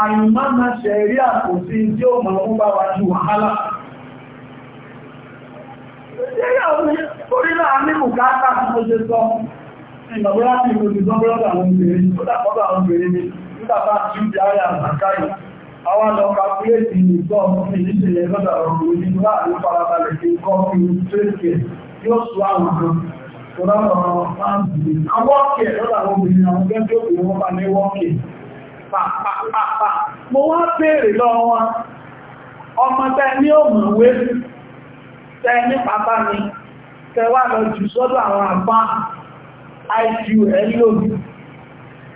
àìmọ́nà ṣẹ̀rí àkòsí tí ó mọ̀ ń bá wa ju wàhálà. ṣe sọ, ìgbàgbọ́ láti ìlú ti sọ bọ́lọ́dà àwọn tí ó di ayé àtàkáyì, ní ìṣẹ̀lẹ̀ pàpàpàpà mo wá béèrè lọ wọn ọmọ tẹ ní òmùwé tẹ ní pàpà ni tẹ wá lọ jù sọ́dọ̀ àwọn àbá iq lónìí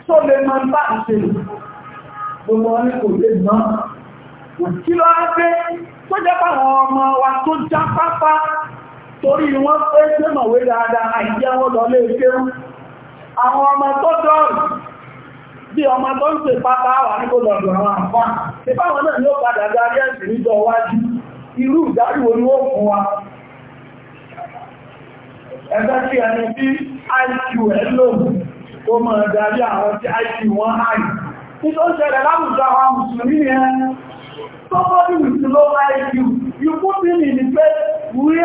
tó lè máa bá ìṣèlú gbogbo wọn ní kò lè náà kí ló á gbé tó jẹ́ pàwọn ọmọ wa tó já pápá torí wọ́n fẹ́ sẹ́mọ̀wé dáadáa àìjẹ́wọ́ lọ lé e kéwú àwọn ọmọ tó dọ́rùn bí ọmọ tó ń pè pápá wà ní kó àwọn àfá ìpá àwọn náà yóò padà darí ẹ̀sìn níjọ wájú irú ìdáríwò ni ó fún wa IQ tó mọ̀ àwọn tí IQ tó ṣẹlẹ̀ àwọn mùsùlùmí ni ẹ IQ you put him in the place where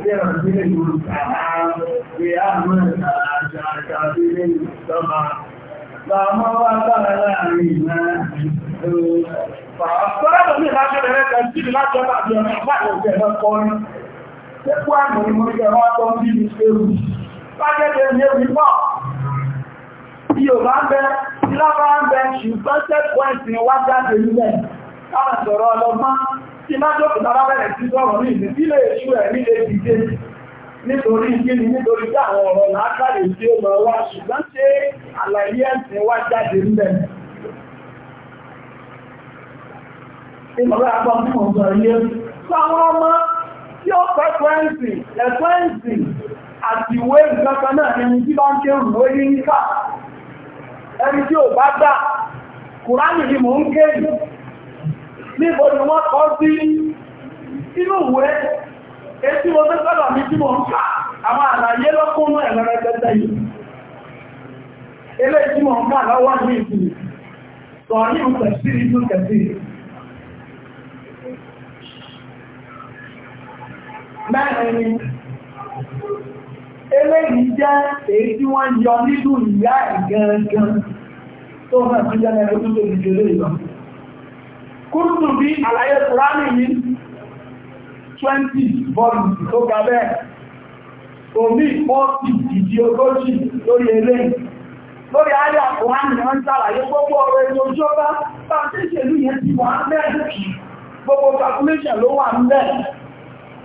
كثيرا من المسعى بأمن أجاك به السماء فما وطل منا Fàáfàá lórí ìlàjọ́ rẹ̀ kẹ̀sí ìlàjọ́ àti ọ̀nà àpáàlẹ̀ òkè ẹ̀rọ kọrin. Ṣé kú àmì ìmọ̀ ìjọba tó ń bí ní ṣerú? Lájẹ́jẹ́ ní ewì náà, Yorùbá ń bẹ, Ìlọ́bá ń bẹ, ṣùgbọ́n ṣẹ́kọ̀ẹ́sì wá jáde nílẹ̀. Káwọn sọ̀rọ̀ ọlọ́gbọ́n tí má jókòó bàbá bẹ̀rẹ̀ sí sọ̀rọ̀ ní ìlú tí lè ṣú ẹ̀ nílé dìde nítorí kíni nítorí tí àwọn ọ̀rọ̀ lákàlè tí ó mọ̀ wá ṣùgbọ́n àlàyé wá jáde ńlẹ̀ kùránì ni ń níbo ni wọ́n kọ́ sí inú ìwé etí mo mẹ́sọ́lá mi tí mo ń kà àwọn àlàyé lọ́kúnnú ẹ̀rẹ́rẹ́ tẹ́tẹ́ yìí ilé tí mo ń kà lọ́wọ́ ní ìsinmi sọ ní ìpẹ̀sí inú kẹsí mẹ́rin eléyìí jẹ́ èyí tí wọ́n yọ nínú ìyá ẹ̀ gangan tó mẹ́ kúrùtù bí àlàyé kùránì ní 20 tó ga bẹ́ẹ̀ omi 40 ìdí ogójì lórí eré lórí ayé àkùránì ni wọ́n sàlàyé gbogbo ọ̀rọ̀ ètò ìjọba tàbí ìṣèlú yẹn ti wà gbogbo calculation ló wà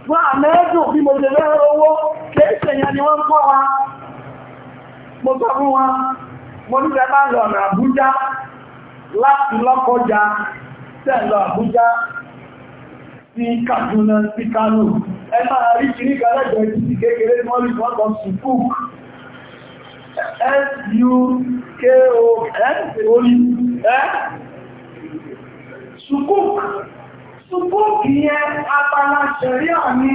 wọ́n bí mo ṣe lẹ́rọ owó kéèṣẹ̀ yẹn ni wọ́n kọ́ wa mo sọ fún mo bá lọ ọ̀nà tẹ́lọ Àbújá sí Kaduna sí Kano ẹ máa rí kìrí kẹlẹ́gbẹ̀ títí kékeré tí wọ́n rí wọ́n kan sùkúk sùkúk sùkúk yẹn abala ṣẹ̀ríà ni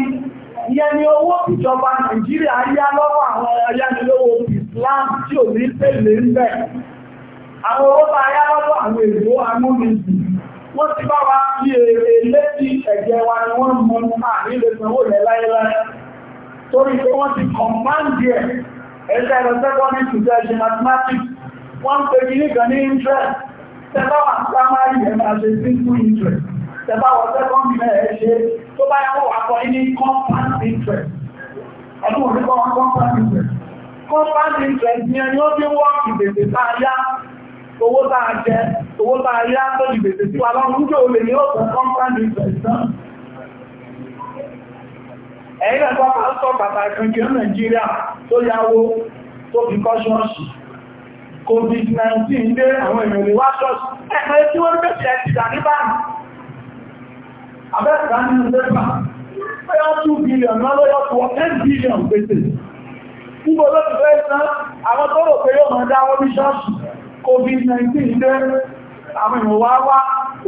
ìyẹn ni owó ìjọba Nàìjíríà yá lọ́wọ́ àwọn ayánilówó Islam tí ò ní pèlè ń bẹ̀ àwọn owó bá yá lọ́wọ́ àwọn èrò amúnisìn wọ́n ti bá wa ní èrè létí ẹ̀jẹ̀ wa ni wọ́n mọ́ àrí lè sanwó rẹ̀ láíláí torí pé wọ́n ti kọ̀máǹdì ẹ̀ ẹ̀ṣẹ́ ẹ̀rọ secondary to ṣe mathematics wọ́n pè ní nìkan ní interest tẹ́báwà primary ẹ̀ máa ṣe simple interest tẹ́báwà secondary ẹ̀ ṣe tó bá yàwó àkọ́ ní compound interest ọdún òní kọ́ compound interest compound interest ni ẹni ó bí wọ́n ìgbèsè owó tá a jẹ owó tá a yá tó jù gbèsè sí wa lọ́rùn tó lè ní òkú kọ́ńpáàdì ìfẹ̀sán ẹ̀yìn ẹ̀kọ́ máa ń sọ pàtàkì kan kí Nàìjíríà tó yáwó tó fi COVID-19 dé àwọn èèyàn lè wá ṣọ́ọ̀ṣì ẹ̀kọ́ tí wọ́n bẹ̀rẹ̀ ti dà ní báyìí abẹ́ẹ̀kọ́ nínú pépà fẹ́yọ́ 2 billion náà lọ́yọ́ tó 10 billion pèsè níbo ló ti fẹ́ san àwọn tó rò pé yóò máa dáwọ́ ní ṣọ́ọ̀ṣì covid-19 jẹ́ àwọn ìwọ̀wá wá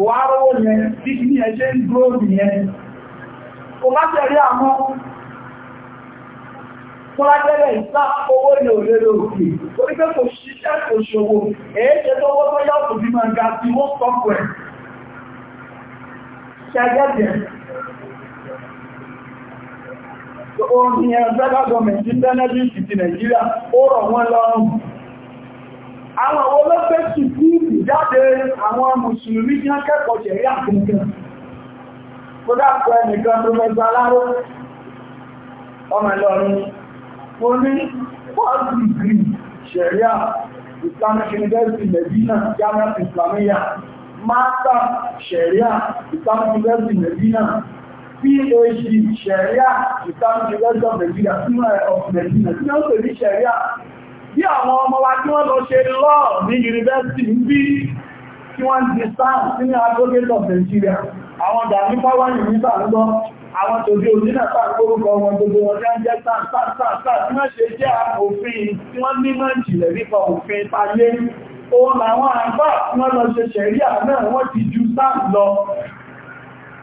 wà rówó yẹn tí ní ẹ̀ṣẹ́ ń dúró nìyẹn kò bá tẹ̀rí àwọn fọ́lájẹ́lẹ̀ ìsá owó ní òlérò òkè orí pé kò ṣiṣẹ́ kò ṣòwò èéṣẹ́ tó wọ́n tó yọ́pù bí ma ga tí wọ́n sọ́pù ẹ̀ ṣẹ́gẹ́gẹ́ Orin ẹ̀rọ federal government ní Tennessee ti Nàìjíríà, ó rọ̀ wọ́n lọ́rùn àwọn àwọn olófẹ́ sì kú ìjáde àwọn mùsùlùmí ní akẹ́kọ̀ọ́ jẹ̀rí àkùnkùn kó dákọ̀ ẹnìkan tó mẹ́gbà aláró ọmọ ìlọrin ó ní first degree ṣẹ̀ríà islamic university medina jamiu islamiyya master ṣẹ̀ríà islamic university medina phd ṣẹ̀ríà islamic university of medina senior of medina senior of medina bí àwọn ọmọ wa tí wọ́n lọ ṣe law ní yunifásitì ń bí tí wọ́n ti sáà sínú advocate of Nigeria àwọn dàmí pàwọ́ yunifà ń gbọ́ àwọn tòbí òjínà sáà kórúkọ wọn gbogbo wọn jẹ́ jẹ́ sáà sáà sáà sáà tí wọ́n ṣe jẹ́ òfin tí wọ́n nímọ̀ ìjìnlẹ̀ nípa òfin tayé òun làwọn àgbà tí wọ́n lọ ṣe ṣẹ̀ríà náà wọ́n ti ju sáà lọ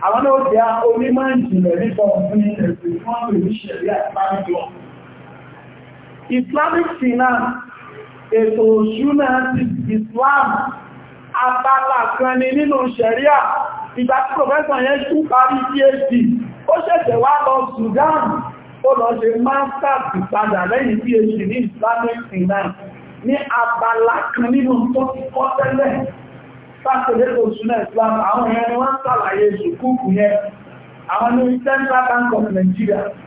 àwọn náà jẹ́ onímọ̀ ìjìnlẹ̀ nípa òfin ẹ̀sìn fún àwọn ìṣẹ̀ríà sáà lọ Islamic finance ètò òṣúná ti Islam abala kan ni nínú ṣẹ̀ríà ìgbà tí professor yẹn tún parí PhD ó ṣẹ̀ṣẹ̀ wá lọ Sudan ó lọ ṣe masters ìpadà lẹ́yìn PhD ní Islamic finance ní abala kan nínú tó ti kọ́ tẹ́lẹ̀ sáàkùnlẹ̀ òṣùnà Islam àwọn ẹni wọ́n sàlàyé ṣùkúkù yẹn àwọn ní Central Bank of Nigeria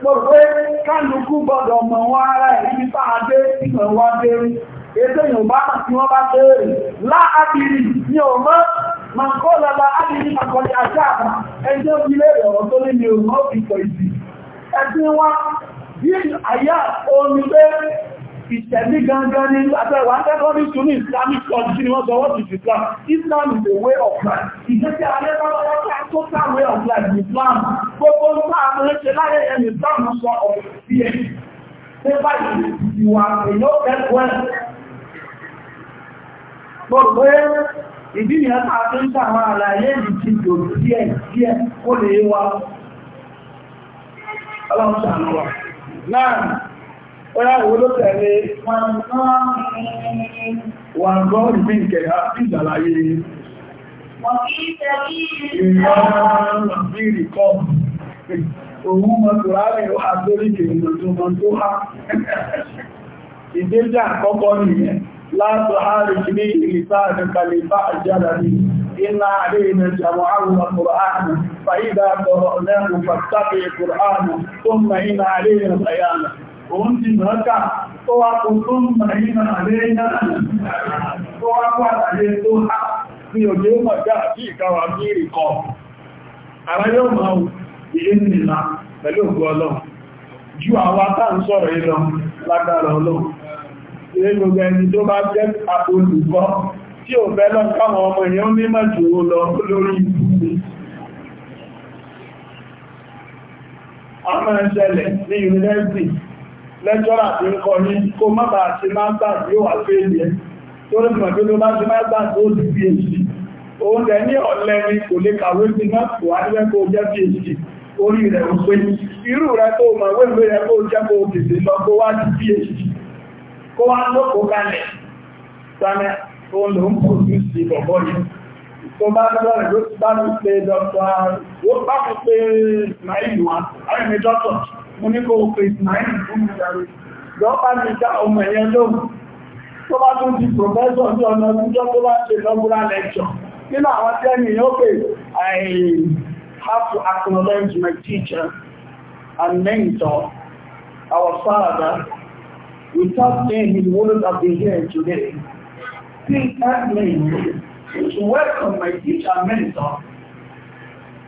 Gbogbo kálukú gbọdọ̀ mọ̀ wọn ara ẹ̀ níbi a dé ìmọ̀ wọn dé rí. si Yorùbá náà tí wọ́n bá béèrè láàbìrì ní ọmọ máa kọ́ lọ́la ábìrì àkọ́lé àti àbá ẹjọ́ ilé ọ̀rọ̀ tó lé ní ìtẹ̀lé gangan ní àtẹ́wà tẹ́lọ́rí tún ní islamic country ni wọ́n sọ wọ́n ti fi islam islam is a way of life ìgbésẹ̀ alẹ́bàbàwọ́ta total way of life islam gbogbo sáàmù ṣe láyé ẹni islam sọ ọ̀rọ̀ sí ẹ̀ ṣe báyìí ìwà èyó ẹ̀kọ́ ẹ̀ gbogbo ìdí ni ẹ̀ta àti ń tàwọn àlàyé ìdíjò díẹ̀ díẹ̀ kó lè wá ọlọ́run sàánú wa láàrín Ọya ìwòló tẹ̀lé wọn gọ́ ìgbé ìkẹ̀yà sí ìdàlàyé. Wọ́n kí tẹ̀lé ìrìnlọ́rọ̀ sí ìrìkọ́. Òun mọ̀ tùrárẹ̀ ó àtórí kèrìnà tó mọ̀ tó há. Ìdéjà àkọ́kọ́ nìyẹn látọ̀ àrìkì ní ìlìta àdìkàlìfà àjádà ní iná àríyìn jàmọ̀ àwọn Kùránù, fa'ídà kọ̀rọ̀ lẹ́rùn òun ti mọ́ta tó wá kò tó mọ̀rìnà àléyìn náà tó wá kó àtàlé tó há ní òjò mọ̀já àti ìkàwà ní ìkọ̀. Ara yóò máa ilé nìlá pẹ̀lú ògbò ọlọ́run ju àwọn atáà sọ̀rọ̀ ìlọ lágbára ọlọ́run. Ilé gbogbo ẹni tó bá jẹ́ olùkọ́ ọmọ èèyàn mímọ̀ jù ó lọ lórí lẹ́jọ́rà tí ń kọ ní kó má bàá ṣe masters yóò wà fẹ́ ilẹ̀ tó rí bá ó phd oúnjẹ ní ọ̀lẹ́rin kò lè kàwé sí mọ́sù wá níwẹ́ kó jẹ́ phd orí rẹ̀ ń pé irú rẹ̀ tó mọ̀ wéwé rẹ̀ kó jẹ́ kó kèsè lọ kó wá di phd kó wá lókòó kalẹ̀ sáré tó ń ń pò sí sí bọ̀bọ̀ yìí tó bá ló bá dr wọ́n bá wa mo ní kó pe Ismail fún mi yàrá lọ́pàá mi dá ọmọ ẹ̀yẹ lóhùn tó bá tún di professor ní ọ̀nà ìjọ tó bá ṣe lọ́gbọ́lá lecture nínú àwọn tí ẹni yóò pè I have to acknowledge my teacher and mentor our father without him he wouldn't have been here today please help me to welcome my teacher and mentor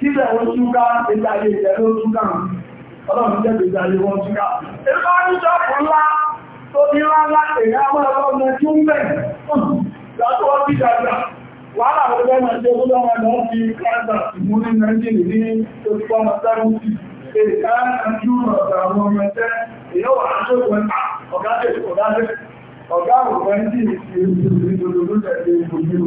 Kíbẹ̀ wọ́n túká, ìgbà ayé ìjẹ́ ló túká. Ọlọ́run jẹ́ ìgbà ayé wọ́n túká. Ìgbà ń jọ fún ńlá tó ní ńlá èyà mọ́ ọmọ tí ó ń bẹ̀. Ìgbàtọ́ wọ́n ti dàgbà. Wàhálà wọ́n jẹ́ máa jẹ́ ọdún ọmọ náà fi káàkà ìmú ní Nàìjíríà ní oṣù ọmọ sẹ́rùn-ún. Èkà ń jú ọ̀dà àwọn ọmọ ẹ̀tẹ́, èyí ó wà á ṣe pẹ̀lú ọ̀gá tẹ̀lé ọ̀gá tẹ̀lé ọ̀gá òpẹ́ ń dì í sí ìrìnlẹ̀ ìgbòdòdó tẹ̀lé ìgbòdòdó.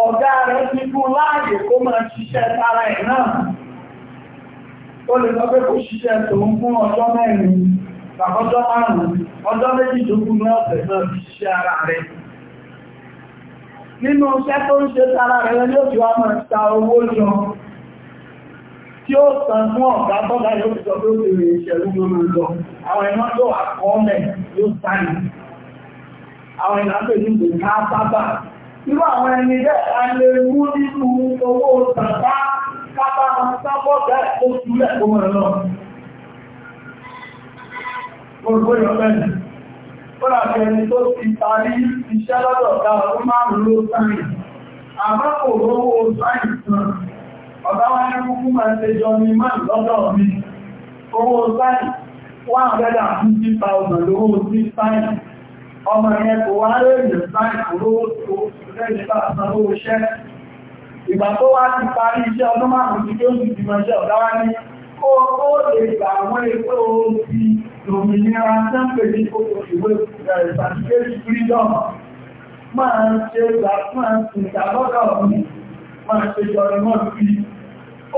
ọ̀gá rẹ̀ ti kú láàyè kó máa ṣiṣẹ́ tara ẹ̀ náà ó lè lọ pé kò ṣiṣẹ́ tó ń fún ọjọ́ mẹ́rin tàbọ́jọ́ márùn-ún ọjọ́ méjìdógún ní ọ̀sẹ̀ náà fi ṣiṣẹ́ ara rẹ̀ nínú iṣẹ́ tó ń ṣe tara rẹ̀ yóò fi wá máa ta owó jọ tí ó san fún ọ̀gá tọ́gá yóò sọ pé ó ti rìn ìṣẹ̀lú lórí lọ àwọn ẹ̀mọ́ tó àkọọ́lẹ̀ yóò sáyìn àwọn irú àwọn ẹni bẹ́ẹ̀ a lè mú nínú owó tàbá kápá wọn sábọ́ bẹ́ẹ̀ tó túlẹ̀ tó mọ̀ lọ. Gbogbo ìyọ̀pẹ́ ni, ó ràbí ẹni tó ti parí iṣẹ́ lọ́dọ̀ ta ọdún márùn-ún ló sáyìn. Àmọ́ kò rówó sáyìn tán. Ọ̀gá wọn ní kúkú máa ṣe jọ ní máà lọ́dọ̀ mi. Owó sáyìn, 150,000 lówó sí sáyìn ọmọ yẹn kò wá lẹ́yìn láì kúrò tó lẹ́yìn bá sanwó iṣẹ́ ìgbà tó wá ti parí iṣẹ́ ọdún márùn-ún tí ó sì ti mọ iṣẹ́ ọ̀gá wá ní kó ó lè gbà àwọn ètò ti lòmìnira sẹ́ńpẹ̀ ní kókò ìwé ìsàkíyèsí freedom máa ń ṣe ìgbà máa ń sìnkà lọ́dọ̀ mi máa ṣe jọrọ mọ́ sí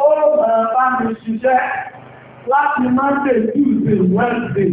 ó máa bá mi ṣiṣẹ́ láti Monday Tuesday Wednesday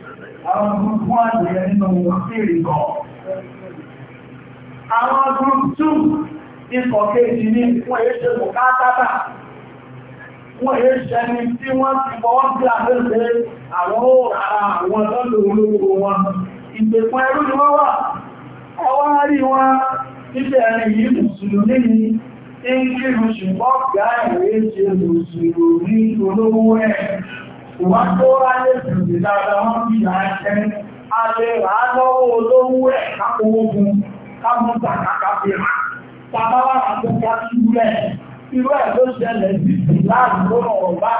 àwọn gúrùpù àjẹ́ nínú fèrè gan. Àwọn gúrùpù 2 ikọ̀ kejì ní wọ́n èé ṣe kò káàkátà. Wọ́n èé ṣe ni tí wọ́n ti fọwọ́ sí àbẹ́sẹ̀ àwọn ara àwọn lọ́lọ́ olówó wọn. Ìgbèkùn ẹrú ni wọ́n wà. Ọwọ́ rí wọn níbẹ̀ ẹni yìí mùsùlùmí ni. Ingírù ṣùgbọ́n gbá ìwé ṣe mùsùlùmí olówó ẹ̀. Ìwọ́n tó ráyé ìrìnlẹ̀ dáadáa wọ́n fi àṣẹ alẹ́ rà lọ́wọ́ olówó ẹ̀ kápòwó fún kámúta kàkàfèrà. Tàbá wà láti ká sílẹ̀. Irú ẹ̀ ló ṣẹlẹ̀ sí láàrín lọ́rọ̀ ọ̀bá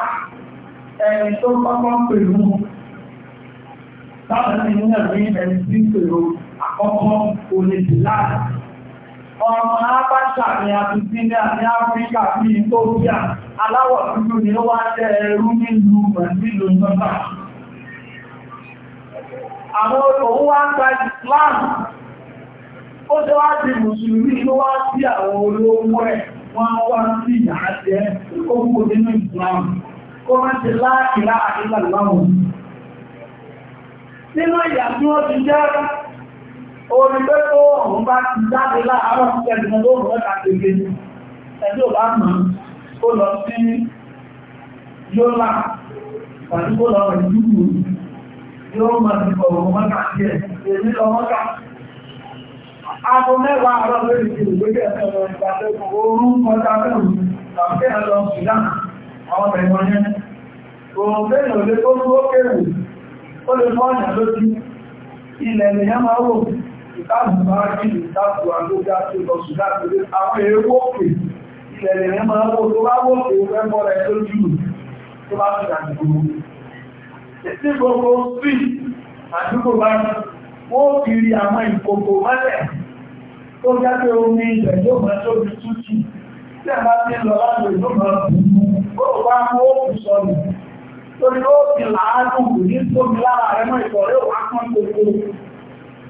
ẹni tó kọ́kọ́ pẹ̀lú táwọn ẹni náà ní ẹni tí pẹ̀lú àkọ́kọ́ olè sí ọmọ apáṣà ní abisinia ní áfíríkà bí i tó bí aláwọ̀ tuntun ni ó wá jẹ́ ẹrú nílùú pẹ̀lú ìjọba àwọn òun wá gba Islam ó jẹ́ wá di mùsùlùmí ló wá sí àwọn olówó ẹ̀ wọ́n wá sí ìyàjẹ́ ó kó nínú ìyà orí pé tó òun bá ti jáde láàárọ̀ ẹgbẹ̀rún lóòrùn mẹ́ta gbogbo ẹjọ́ bá mọ̀ ó lọ sí yọ́lá tàbí kó lọ rẹ̀ dúkù yóò mọ̀ sí ọ̀rọ̀ mọ́ta sí ẹ̀ èmi lọ mọ́ta aago mẹ́wàá àárọ̀ lórí ìgbèlè ẹ̀fẹ́ ìgbàlẹ́kùn oorun kọjá fẹ́ràn tàbí ẹ̀lọ ìdáná àwọn ẹ̀gbọ́n yẹn òun bẹ́ẹ̀ lè tó ń gbókèrè ó ilẹ̀ ènìyàn máa wò ìtàkùn bá rí ìtàkùn àlógá tó lọ ṣùgbà torí àwọn èrò òkè ìṣẹ̀lẹ̀ rẹ̀ máa wó tó bá wó tó fẹ́ mọ́ rẹ̀ tó jù tó bá ti dàgbò. Ètí gbogbo sí àdúgbò bá rí wọ́n kiri àwọn ìkòkò mọ́lẹ̀ tó jáde omi ilẹ̀ yóò máa tóbi tútù tí a bá ti lọ láti ìlú máa bù ó bá mú òkú sọnù torí ó ti làágùn kò ní tóbi lára rẹ̀ mọ́ ìkọ̀rẹ́ òwá kan gbogbo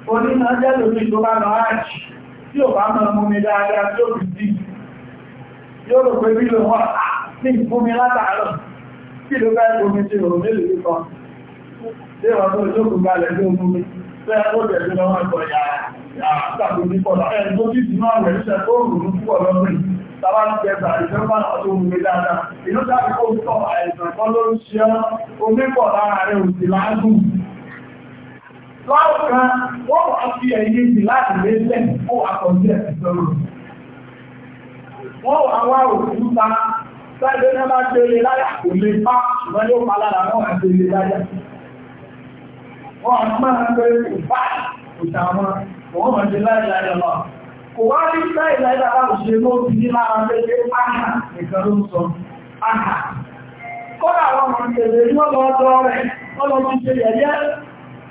onímọ̀ jẹ́lò ní tó bá lọ áàjì tí ò bá mọ̀ mú mi dáadáa tí ó fi dí yóò rò pé bí lò wọ́n ní ìfúnmi látàárọ̀ kí ló bá ẹ̀kọ́ mi ti rò mélòó nìkan tí wọ́n tó ìjókòó balẹ̀ tó mú mi fẹ́ ó bẹ̀rẹ̀ lọ́wọ́ ẹ̀kọ́ yàrá àtàkùn ní pọ̀lọ́ ẹ̀ tó kí sí máa rẹ̀ ṣẹ́ tó rùn ún púpọ̀ lọ́rùn tàbá ti jẹ́ tàbí fẹ́ bá náà tó rùn dáadáa inú tàbí kó ń tọ́ àìsàn kan ló ṣe ọ́ omi pọ̀ lára rẹ̀ òsì láàgùn láwùká wọ́n wà fi ẹ̀yẹ láti lé lẹ́ fún àkọ̀jú ẹ̀sìtọ́rọ̀. Wọ́n wà wá òkú ta sáàgbé náà bá tẹ́lé láyà kò lè bá ṣùgbọ́n yóò pa lára wọ́n àti ilé láyà. Wọ́n a máa ń kò bá òjà bá ló ti ní áhà nìkan ló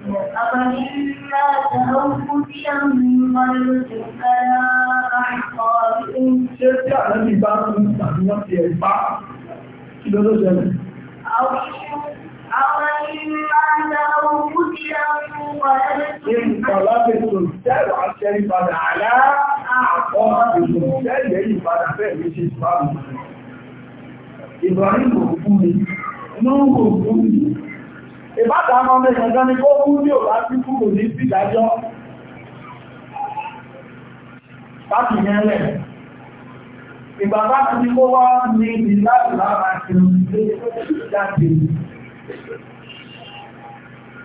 أفمما kò fún mi, inú kò fún mi, ìbátà ọmọ mẹ́sàn-án ni kó kú ní òbá tí kúrò ní ìdájọ́ láti yẹnlẹ̀ ìgbàgbá ti kó wá ní ìlàjì lára ìrìnlẹ̀-èdè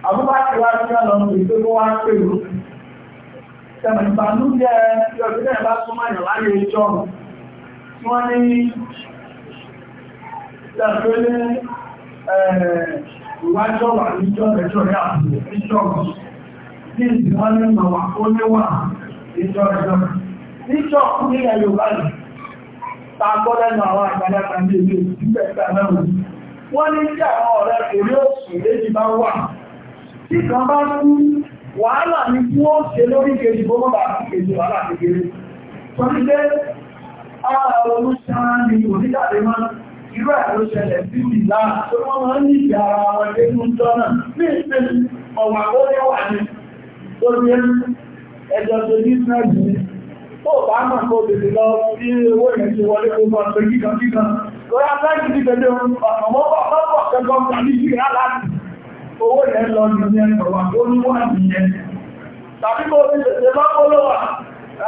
àbúbá ti wá sí ọ̀nà ìgbé kó wá pèrò tẹ̀mẹ̀tàlú jẹ́ ìrọ̀lẹ́ bá súnmọ́ ìrọ̀láyé ìjọ́ wọ́n ní ìjọ́ ìwájọ́ wà níjọ́ ẹjọ́ rẹ̀ àti ìjọ́ ní ìdíwọ́n ní ìmọ̀wà ó níwà ìjọ́ ẹjọ́ níjọ́ ní ilẹ̀ Yorùbá yìí ta àwọn àgbàlagbà ní ilé ìpínlẹ̀ ìgbàlẹ́rù wọ́n ní kí àwọn ọ̀rẹ́ méjì bá wà tí kan bá kú wàhálà ní ṣe lórí kejì bó mọ́ bá kejì wàhálà kékeré sọ ah, irú àló ṣẹlẹ̀ sí ìlà tó wọ́n máa ń nìdí ara wọn nínú tọ́nà ní ìpín ọ̀wà ó lẹ́wà ní lórí ẹjọ́ tó ní ìsinmi ó bá mọ̀ kó bèbè lọ sí owó ìrìn wọlé gbogbo ọ̀sẹ̀ kíkan kíkan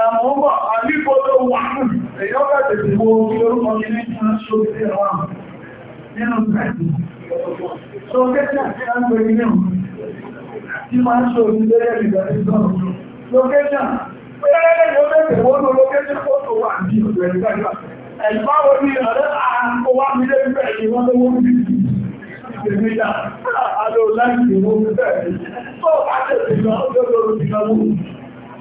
Àmúgbà àbíkọ́lọ́ wà èyàn kàtẹ̀ sí wo kí orúkọ ní ní ṣe ṣorí sí àwọn àmì nínú ìgbàtí. So kẹ́kẹ́ àti àgbẹ̀ ilé òun tí máa ń ṣorí lẹ́yẹ̀ ìgbàtí sọ́rọ̀. Location, pẹ́lẹ́lẹ́ yóò bẹ̀rẹ̀ wọ́n lọ location photo wà ní ọ̀gbẹ̀ ìgbàtí. Ẹ̀gbá wo ni ọ̀rẹ́ àkọ́ wá mi lé bẹ̀rẹ̀ ni wọ́n lówó ní ìgbàtí. Ìgbàtí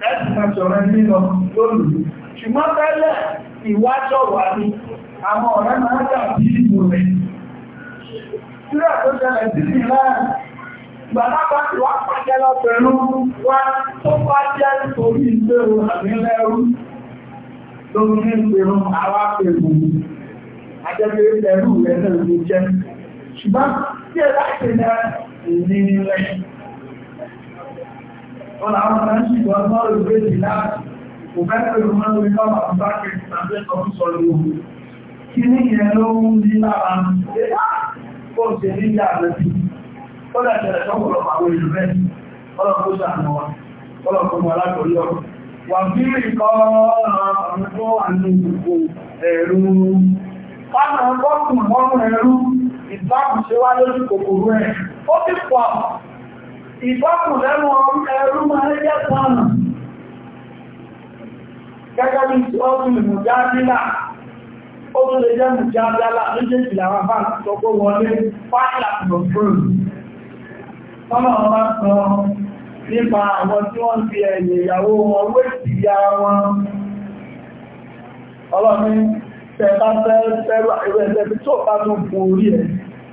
ẹ̀sùn máa ndị lónìí ṣùgbọ́n tẹ́lẹ̀ ìwájọ́ wà ní àwọn ọ̀rẹ́ máa dàbí ìbò rẹ̀ síra tó ṣẹlẹ̀ sí ní ti wá wá tó bá jẹ́ torí àmì lẹ́rú pẹ̀lú rẹ̀ náà ló jẹ́ ṣùgbọ́n tí ẹ wọ́n láwọn náà sì wọ́n sọ́rọ̀ ìwé ìdí láti kò fẹ́ pẹ̀lú mọ́ orí lọ́wọ́ àbúgbà kẹrì tàbí ẹ̀kọ́ ń sọ lóhun kí ní ìyẹn ló ń ní lára ń pé kó ṣe ní ìyá rẹ̀ sí ó lè tẹ̀lẹ̀ tọ́pọ̀lọpọ̀ àwọn ìlú rẹ̀ ọlọ́pọ̀ sàánà wa ọlọ́pọ̀ mọ́ alákọ̀ọ́lọ́ wà bí ìkọ́ àwọn tó wà ní gbogbo ẹ̀rù Fáàmà ọkùnrin mọ́rún ẹ̀rú ìbáàkùn ṣe wá lórí kòkòrò ẹ̀. Ó ti pọ̀ ìbọ́kùn lẹ́nu ẹrú máa jẹ́ pọ̀nà gẹ́gẹ́ bí tí ó tún mùjádílà ó tún lè jẹ́ mùjádílà méjèèjì làwọn bá sọ pé wọlé fáìlà pọ̀fún tọ́nà ọba sọ nípa àwọn tí wọ́n ìyàwó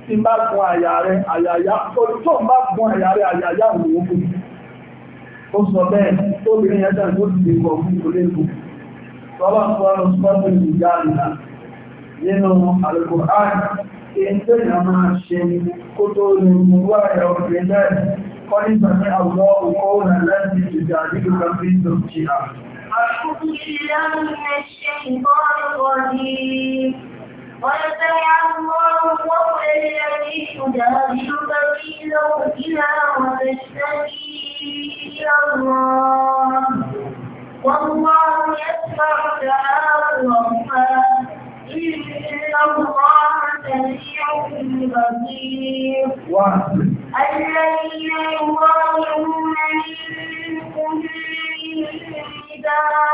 tí bá gun àyà rẹ̀ àyàyà tó ń bá gun àyà rẹ̀ àyàyà òun fún ó sọ bẹ́ẹ̀ tó bìnrin yẹn dàn tó ti kọ̀ fún olóògbé tọ́lá fọ́ọ̀rọ̀ sọ́ọ̀tù ìjà nìyà nínú àlùkò áì tí ń tẹ̀yà máa ṣe kó tó lè mú ورفع الله قول الذي يجادلك في زوجها وتشتكي إلى الله والله يسمع تآلهما إن الله سميع بصير الذين يظاهرون منكم من نساء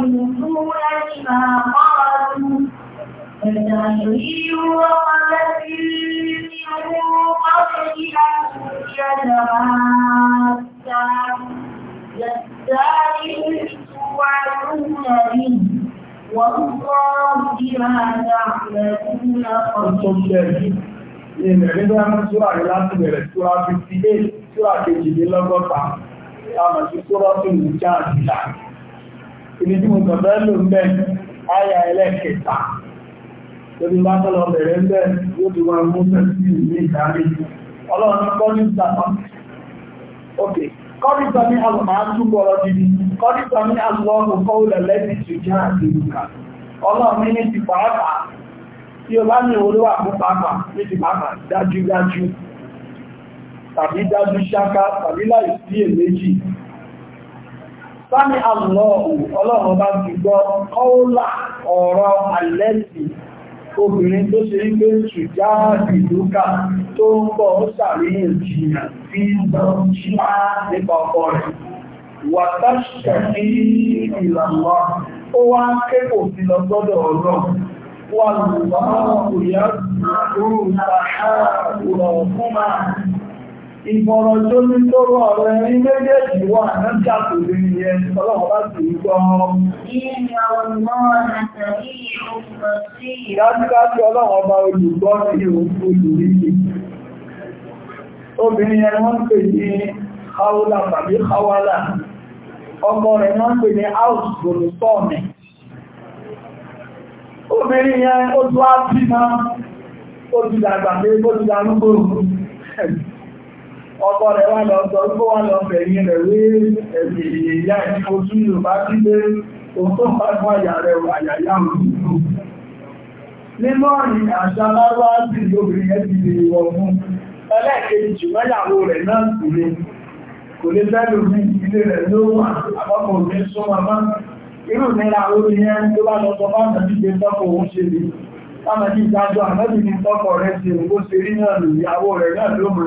ويؤمنون بما قالوا فسيحيوا وقتل منهم قبل أن يتماسا يستعجل توعدون به والله بما تعملون خبير ìrìnrìn ní ọmọ ṣúra rẹ̀ láti bẹ̀rẹ̀ ṣúra 58 ṣúra kejìdínlọ́gọ́ta láàmà sí ṣúra tó ń jáàdì láàrín ìrìdí mo tọ̀fẹ́ lò ń bẹ́ ẹlẹ́kẹta lórí bá bẹ̀rẹ̀ ń yóò ti wọn mú tẹ́sí ìlú ìdárí ọlọ́run kọ́ ní ìtàkọ́ kọ́ ní sọ ní àwọn máa túbọ̀ ọ̀rọ̀ dídí kọ́ ní sọ ní ọkọ̀ tó jẹ́ ọlọ́run ní ti pàápàá tí o bá ní olówà Sámi àlọ́ọ̀hù ọlọ́run bá ti gbọ́ ọlá ọ̀rọ̀ àlẹ́sì obìnrin tó ṣe ń gbé ṣùjáàbì lókà tó ń bọ̀ ó sàríyàn jìnà tí ṣíwá nípa ọkọ rẹ̀. Wàtàṣẹ̀ ní ìlànà ó wá kéèkò sí lọ sọ́dọ̀ ọlọ́run. Wà lùbá òyà ìfọ̀rọ̀jómi tó rọ̀ ọ̀rọ̀ ẹ̀rin méjèèjì wà náà jàpò lè yẹ ọlọ́wọ́ bá sì ń gbọ́ ọmọ. Ìyájúkájú ọlọ́wọ́ bá olùgbọ́ sí olùríyìn. Obìnrin ẹni wọ́n pè ní Haula tàbí Hawala. Ọmọ rẹ̀ wọ́n pè ní House Bolosọ́ọ̀mẹ̀. Obìnrin yẹn ó tó á bí máa ó ti dàgbà pé ó ti darúgbò. Ẹ̀bí ọkọ rẹ̀ wá lọ sọ pé wá lọ bẹ̀yìn rẹ̀ wé ẹ̀sì ìyá ìfojú yorùbá sí pé òun tó bá fún àyà rẹ̀ àyàyà nínú ọ̀rìn àṣà aláwọ̀ àti obìnrin yẹn ti lè wọ̀ fún ẹlẹ́ẹ̀kejì tọ́kọ̀ rẹ̀ ṣe òun ṣe rí náà lòyàwó rẹ̀ náà ló mọ̀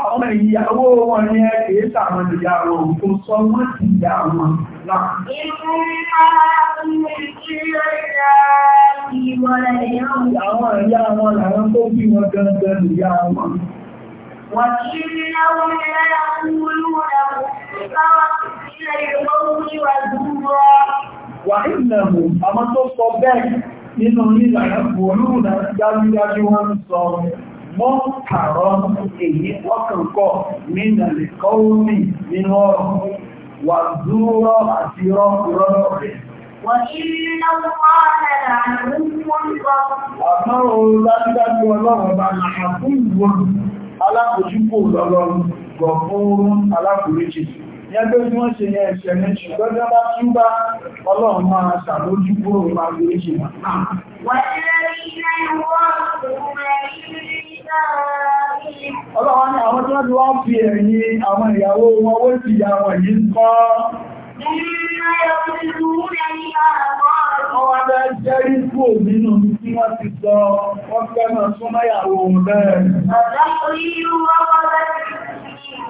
Àwọn ìyàwó wọn ni ẹ kìí sàwọn ìyàwó kò sọ wọ́n ti yà wọn náà. Àwọn ìyá wọn làwọn tó bí wọn gangan ìyá wọn. Wọ́n ti rí láwọn ilẹ̀ àkúrú ilẹ̀ ìrọ̀ nínú nílànà pòlú dájúdájú wọ́n sọ mọ́ kàrọ èyí ọkànkọ́ nínà lè kọ́ omi nínú ọ̀rọ̀ wà dúró àti rọ́pùrọ́ rẹ̀ Àmọ́ òun dájúdájú ọlọ́run bá na àkúrùn-ún alákòójúkò lọ́lọ́run gọ̀fún alákòójì yẹgbẹ́ tí wọ́n ṣe yẹ ẹ̀ṣẹ̀ ní ṣùgbọ́n bá tún bá ọlọ́run máa ṣàlójú kúrò láti oríṣi wọn. Ọlọ́run ni àwọn tí wọ́n ti wọ́n fi ẹ̀yìn àwọn ìyàwó wọn ó ti yà wọ̀n yìí ń kọ́. Wọ́n wá bẹ́ jẹ́ ikú òmìnú tí wọ́n ti sọ wọ́n fẹ́ súnmọ́ ìyàwó bẹ́ẹ̀. Ọ̀dọ́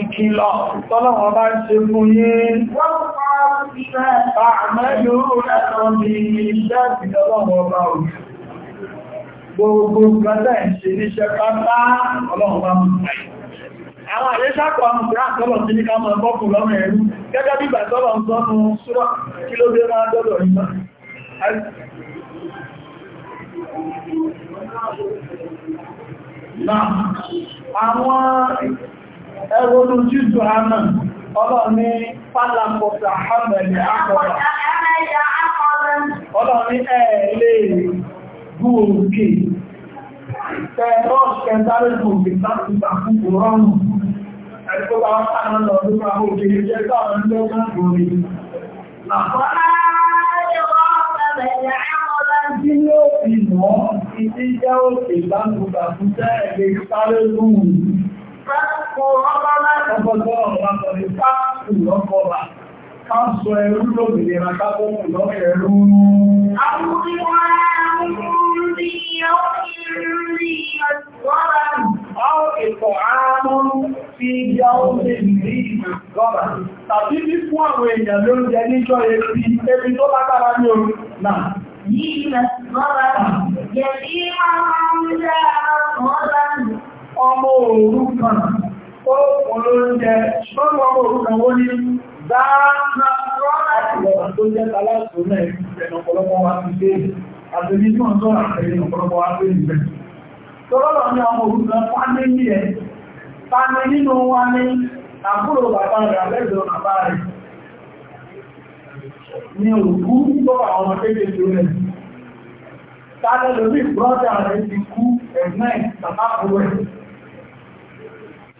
ìkìlọ̀ tọ́lọ́wọ́ bá ń ṣe fún yín Gbogbo gbọ́dẹ̀ ṣe níṣẹ́ pátá ọlọ́run bá mú báyìí. Àwọn àyẹ́ṣàpọ̀ àwọn ìrìn àtọ́lọ̀ sí ní ká mọ̀ ẹgbọ́kù lọ́mọ ẹ̀rú, gẹ́gẹ́ bí ìgbàtọ́lọ̀ ń sọ́nu ṣúrọ̀ kí ló dé máa dọ́lọ̀ ìmọ̀. Náà, àwọn ẹwọ́nú jíjù àmà ọlọ́ni pálapọ̀tà àmàlẹ̀ àkọ́rọ̀ ọlọ́ni ẹ̀ẹ́lẹ́ gúòkè tẹ́ẹ̀rọ kẹtàrí gúòkè láti ìtàkùnkù rọrùn ẹ̀kọ́gbà ọ̀pánà lọ́dún máa ó kéré jẹ́ káwọn lọ́gbà gòrì Tí ló ìmọ̀ ìdíjẹ́ òkè bá gbogbo àkútẹ́ ẹ̀lẹ́ sáré lóhùn Káàkó ọlọ́lá ọgbọ̀gbọ̀ ọ̀pọ̀ ní káàkù lọ́kọ̀ọ̀lá. Káàkù ẹrú lóbìnira káàkù lọ́kọ̀ ẹrú. Àwọn ìwọ̀n àwọn ìrìnrí ọ̀pìnrí ọ̀gbọ̀lá. Àwọn fi yá ó lè ń ebi, ebi ọmọ òrukàn tó olóúnjẹ ṣọ́nà ọmọ òrukàn wó ní dáadáa rọ́nà ìwọ̀n tó jẹ́ tàlásù náà ìrìnlẹ̀ ọ̀pọ̀lọpọ̀ wá ti dé àtẹ́bí tí wọ́n tọ́rọ àtẹ́lẹ̀ ọ̀pọ̀lọpọ̀ wá pé ìgbẹ̀ tọ́lọ́lọ́ ní ọmọ òrukàn pàdé ní ẹ̀ pàdé nínú wa ní àbúrò bàbá rẹ̀ àbẹ́jọ́ bàbá rẹ̀ ní òkú tó àwọn ọmọ kéèkéé rẹ̀ Tálẹ́ lórí ìgbọ́dà rẹ̀ ti kú ẹ̀gbẹ́ ìtàbákùrẹ̀.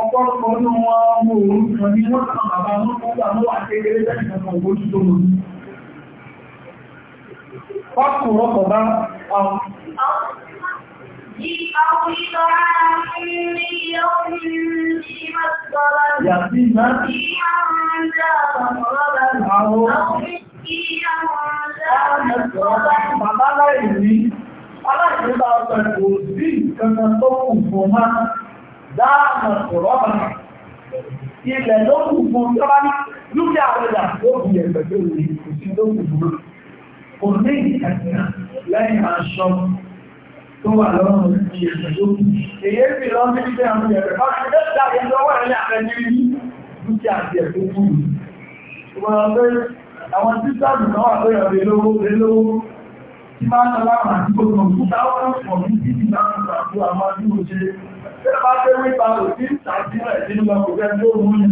ọ̀pọ̀lọpọ̀ ní wọn mú òun kan ní wọ́n tàn bàbá wọn tó àwọn. Yàtí Àwọn. Bàbá láì ní, aláìsí bá tó kù fún máa dáàmà rọ́bà ilẹ̀ ló kù fún yọ́bá ní dúkìá rẹ̀dà tó kù yẹ̀ pẹ̀lú òní kò sí tó kù fún kò ní ìkàtìrà lẹ́yìn aṣọ tó wà lọ́rùn yẹ̀ pẹ̀lú òní èyí fi lọ sí ilé àwọn yẹ̀ pẹ̀lú òní tó dá yẹ̀ lọ́wọ́ rẹ̀ àrẹ ní dúkìá ti ẹ̀ tó kù àwọn títàbí náà wà lóyọ̀ lé lówó lé lówó tí máa ń lọ láwọn àdúgbò kan fún táwọn ọ̀rọ̀ ní títí láwọn àdúgbò àmọ́ àdúgbò ṣe Tí a bá fẹ́ wípa kò sí tàbí rẹ̀ nínú ọkọ̀ fẹ́ tó mú ní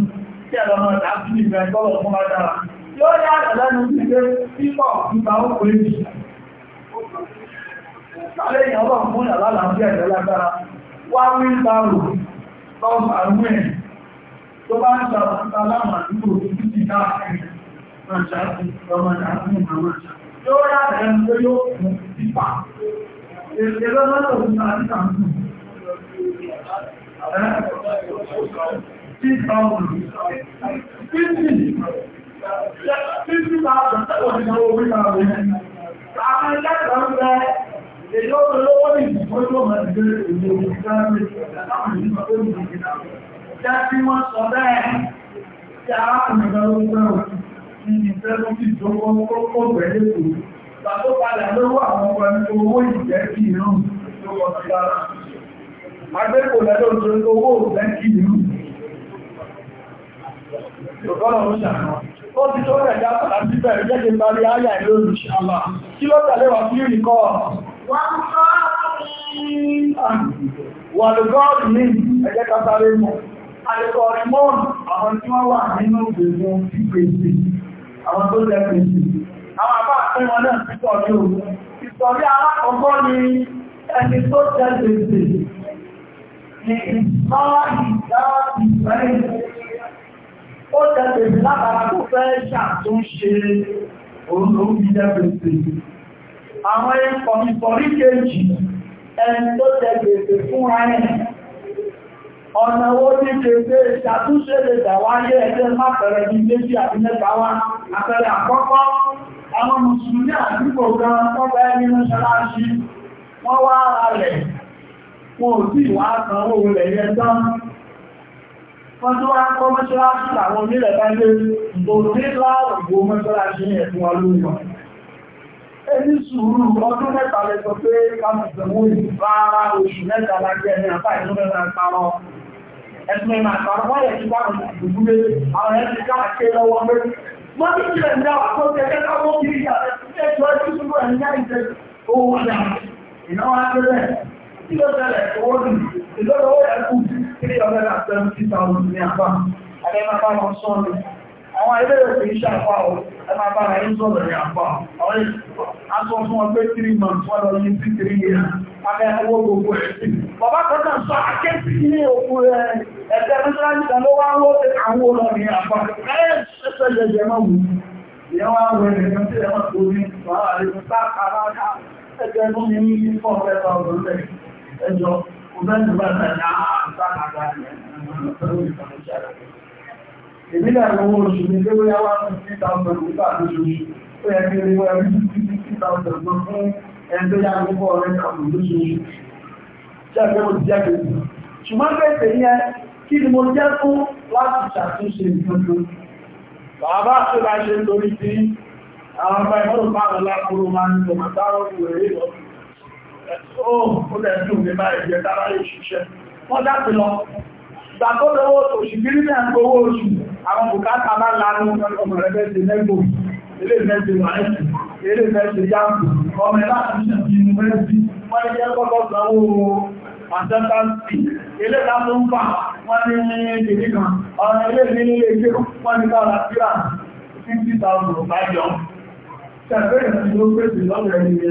kí ẹ̀rọ náà tàbí ìgbẹ̀ tọ́lọ̀ fún agbára. Yóò yá àtẹ̀lẹ́nu sí pé pípọ̀ nípa ó pè é. Sálẹ̀ ìyàn lọ fún ìyàlá làbí ẹ̀rẹ́ lágbára. Wá wí bárò lọ́wọ́ àrùn ẹ̀ tó bá ń sàbùkúta láwọn àdúgbò títí káàkiri. Màṣá ti ọmọ ìdàgbùn àwọn àṣà. Yóò yá àtẹ̀lẹ́nu pé yóò fún pípa. Èrè lọ́nà Èyí ó lówó ní ìgbójú ọmọ lọ́wọ́ àwọn ọmọ owó ìjẹ́ kí ìrún tó wọ́n ti dára agbẹ́kò lẹ́lọ́ tó ń owó lẹ́kì ìlú ó ti tó rẹ̀ yàtọ̀ láti bẹ̀rẹ̀ jẹ́jẹ́ parí ayà ìlú olùṣàmà kí ló tẹ̀lé wà sí ìrìkọ́ wà lùgọ́ọ̀dù ní ẹjẹ́ kásáré mọ́ àlẹ́kọ̀ọ́ rímọ́n àwọn tí wọ́n wà nínú ìgbèmọ̀ pípèsè àwọn tó jẹ́ pèsè àwọn àbá àpẹ́ wọn náà títọ̀ ní òun ìsọ̀rí alákọ̀ọ́kọ́ ni ẹni tó jẹ́ pèsè Ó tẹ́lẹ̀ látara tó fẹ́ ṣàtúnṣe olóògbé jẹ́bẹ̀ẹ́sẹ̀. Àwọn ẹ̀kọ́ mi sọ̀rí kejì ẹni tó tẹ́lẹ̀ fún ayé. Ọ̀nà wo ní kèfé ṣàtúnṣe lè dàwáyé ẹgbẹ́ mápẹ̀rẹ̀ ní méjì àti mẹ́ta wá. Àpẹẹrẹ àkọ́kọ́, àwọn Mùsùlùmí àdúgbò gan-an tọ́gbẹ́ nínú ṣaláṣí, wọn ò sí ìwà àtàn owó rẹ̀ yẹ tán wọ́n tó wá kọ́ mọ́ṣáláṣí àwọn onílẹ̀ bá lé ìbòsí láàrùn ìwò mọ́ṣáláṣí yẹn fún wa lórí wọn ẹni sùúrù ọdún mẹ́ta lẹ sọ pé kámùsùnmù ìfàárá oṣù mẹ́ta lágbẹ́ ẹni àpá ìlú mẹ́ta parọ́ ẹ̀sùn ìmọ̀ àpárọ́ wọ́n yẹ̀ kí báwọn ìdúgbúlé àwọn ẹni káàké lọ́wọ́ pé wọ́n ti kílẹ̀ ní àwọn akọ́kẹ́ kẹ́kọ́ wọ́n kiri ìyàtẹ̀ ẹ̀jọ́ ẹ̀jú kí ló tẹ́lẹ̀ owó nì ìlọ́dọ̀ owó ẹ̀kú three hundred and seventy thousand ní àpá àbẹ́ máa bá wọn sọ ni àwọn ilé ìwé iṣẹ́ àpá o ẹ máa bá wọn sọ̀rọ̀ ní àpá àwọn aṣọ fún wọn pé three months wọn lọ yí sí three years abẹ́ owó gbogbo ẹ̀ sí. bàbá kan náà sọ akéèsì ní òkú rẹ ẹ̀sẹ̀ mẹ́sàlájì kan ló wá ń wọ́n àwọn olórin àpá ẹ̀ẹ́sẹ̀ jẹjẹ máa wù ìyẹn wá ń wẹ̀ nìkan tí ẹjọ́ ọgbẹ́ni bá tàbí àtàkàtà ìbílẹ̀ àwọn oṣù ní lé wíyá wá fún 3,000 nípa lóṣooṣù ó yẹ kí orí wọ́n rí 3,000 lọ fún ẹgbẹ́ yá gbogbo ọ̀rẹ́ kàbù lóṣooṣù jẹ́gbẹ́ mo jẹ́ gbogbo ṣùgbọ́n pẹ̀sẹ̀ yẹn kí ni mo jẹ́ fún láti ṣàtúnṣe ìtọ́jú bàbá tó bá ṣe lórí tí àwọn ọmọ ìmọ̀rùn-ún bá wọn lápúrò máa ń tọmọ̀ sáwọn ìwé ìlọ́sùn Ìgbà tó lọ́wọ́ òṣì gírí ní àgbò owó oṣù, àwọn bùkátà bá lánú ọmọ rẹ̀ bẹ́ẹ̀ ti lẹ́gbò, ilé ìfẹ́sì wàẹ́sì, ilé ìfẹ́sì yáàpù, ọmọ láti ṣe ti inú mẹ́sì, wọ́n ni jẹ́ kọ́kọ́ sanwó àtẹ́tàntì, ilé ìdámú ń fà, wọ́n ni ní ìdí kan, ọ̀rọ̀ ilé ìdí ilé ìgbé, wọ́n ni káàlá síra 50,000 bájọ́. Ṣẹ̀fẹ́ ìrìn ló pèsè lọ́rẹ̀ ilé.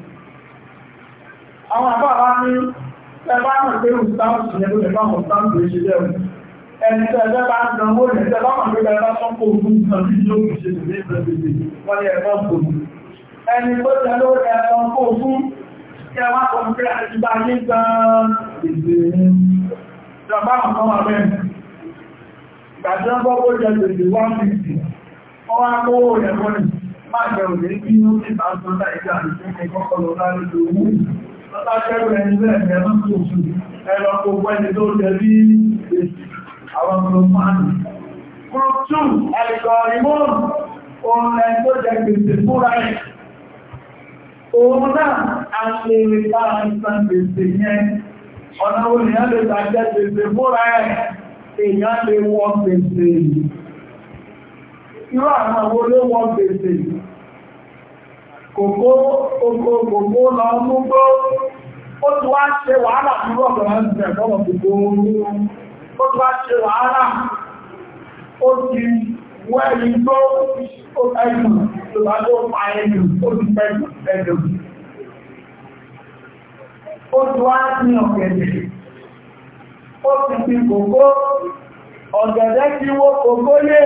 àwọn àbábá ní ẹbá mọ̀ pé ìstáǹsì yẹn ló lè bá mọ̀ sáǹsì ṣe lẹ́rù ẹni tẹ́ ẹgbẹ́ bá ń gan owó rẹ̀ tẹ́ bá mọ̀ pé ẹgbẹ́ bá sọ́pọ̀ ogun kan tí yóò fi ṣe lè lè wọ́n ní ẹ̀kọ́ ògùn ẹni tó tẹ́ ló rẹ̀ sọ́pọ̀ ogun kí ẹ wá kọ̀ pé àti bá yé gan ìgbè ìjọba àwọn ọmọ rẹ̀ gbàjọ́ gbọ́gbọ́ jẹ́ gbèdè 150 wọ́n wá kó rẹ̀ mọ́ni máa jẹ́ òní bí ó ti bá sọ́dá ìjà àti ìjọ́ látàkẹ́rù ẹni lẹ́ẹ̀mẹ́ ẹ̀mọ́ tó oṣù ẹ̀rọ kò pẹ́ni tó jẹ́ bí àwọn ọmọdé group 2 ẹ̀kọ́ ìmọ́n ohun ẹ̀ tó jẹ́ gbèsè fúra ẹ̀ òun náà a ṣe ìrìnká ìsan gbèsè yẹn ọ̀nà olùyàn lè tàjẹ́ gbèsè fúra kòkó oko kòkó lọ múgbó ó ti wá ṣe wàhálà fún ọ̀gbọ̀n ẹgbẹ̀ lọ́wọ́ gbogbo ó ti wá ṣe wàhálà ó ti wọ́ ẹ̀yìn tó ẹ̀yìn tó bá tó pa ẹ̀yìn ó ti pẹ̀lú ẹ̀dọ̀ ó ti wá ní ọ̀gẹ̀dẹ̀ ó ti fi kòkó ọ̀gẹ̀dẹ̀ tí wó kòkó yẹ́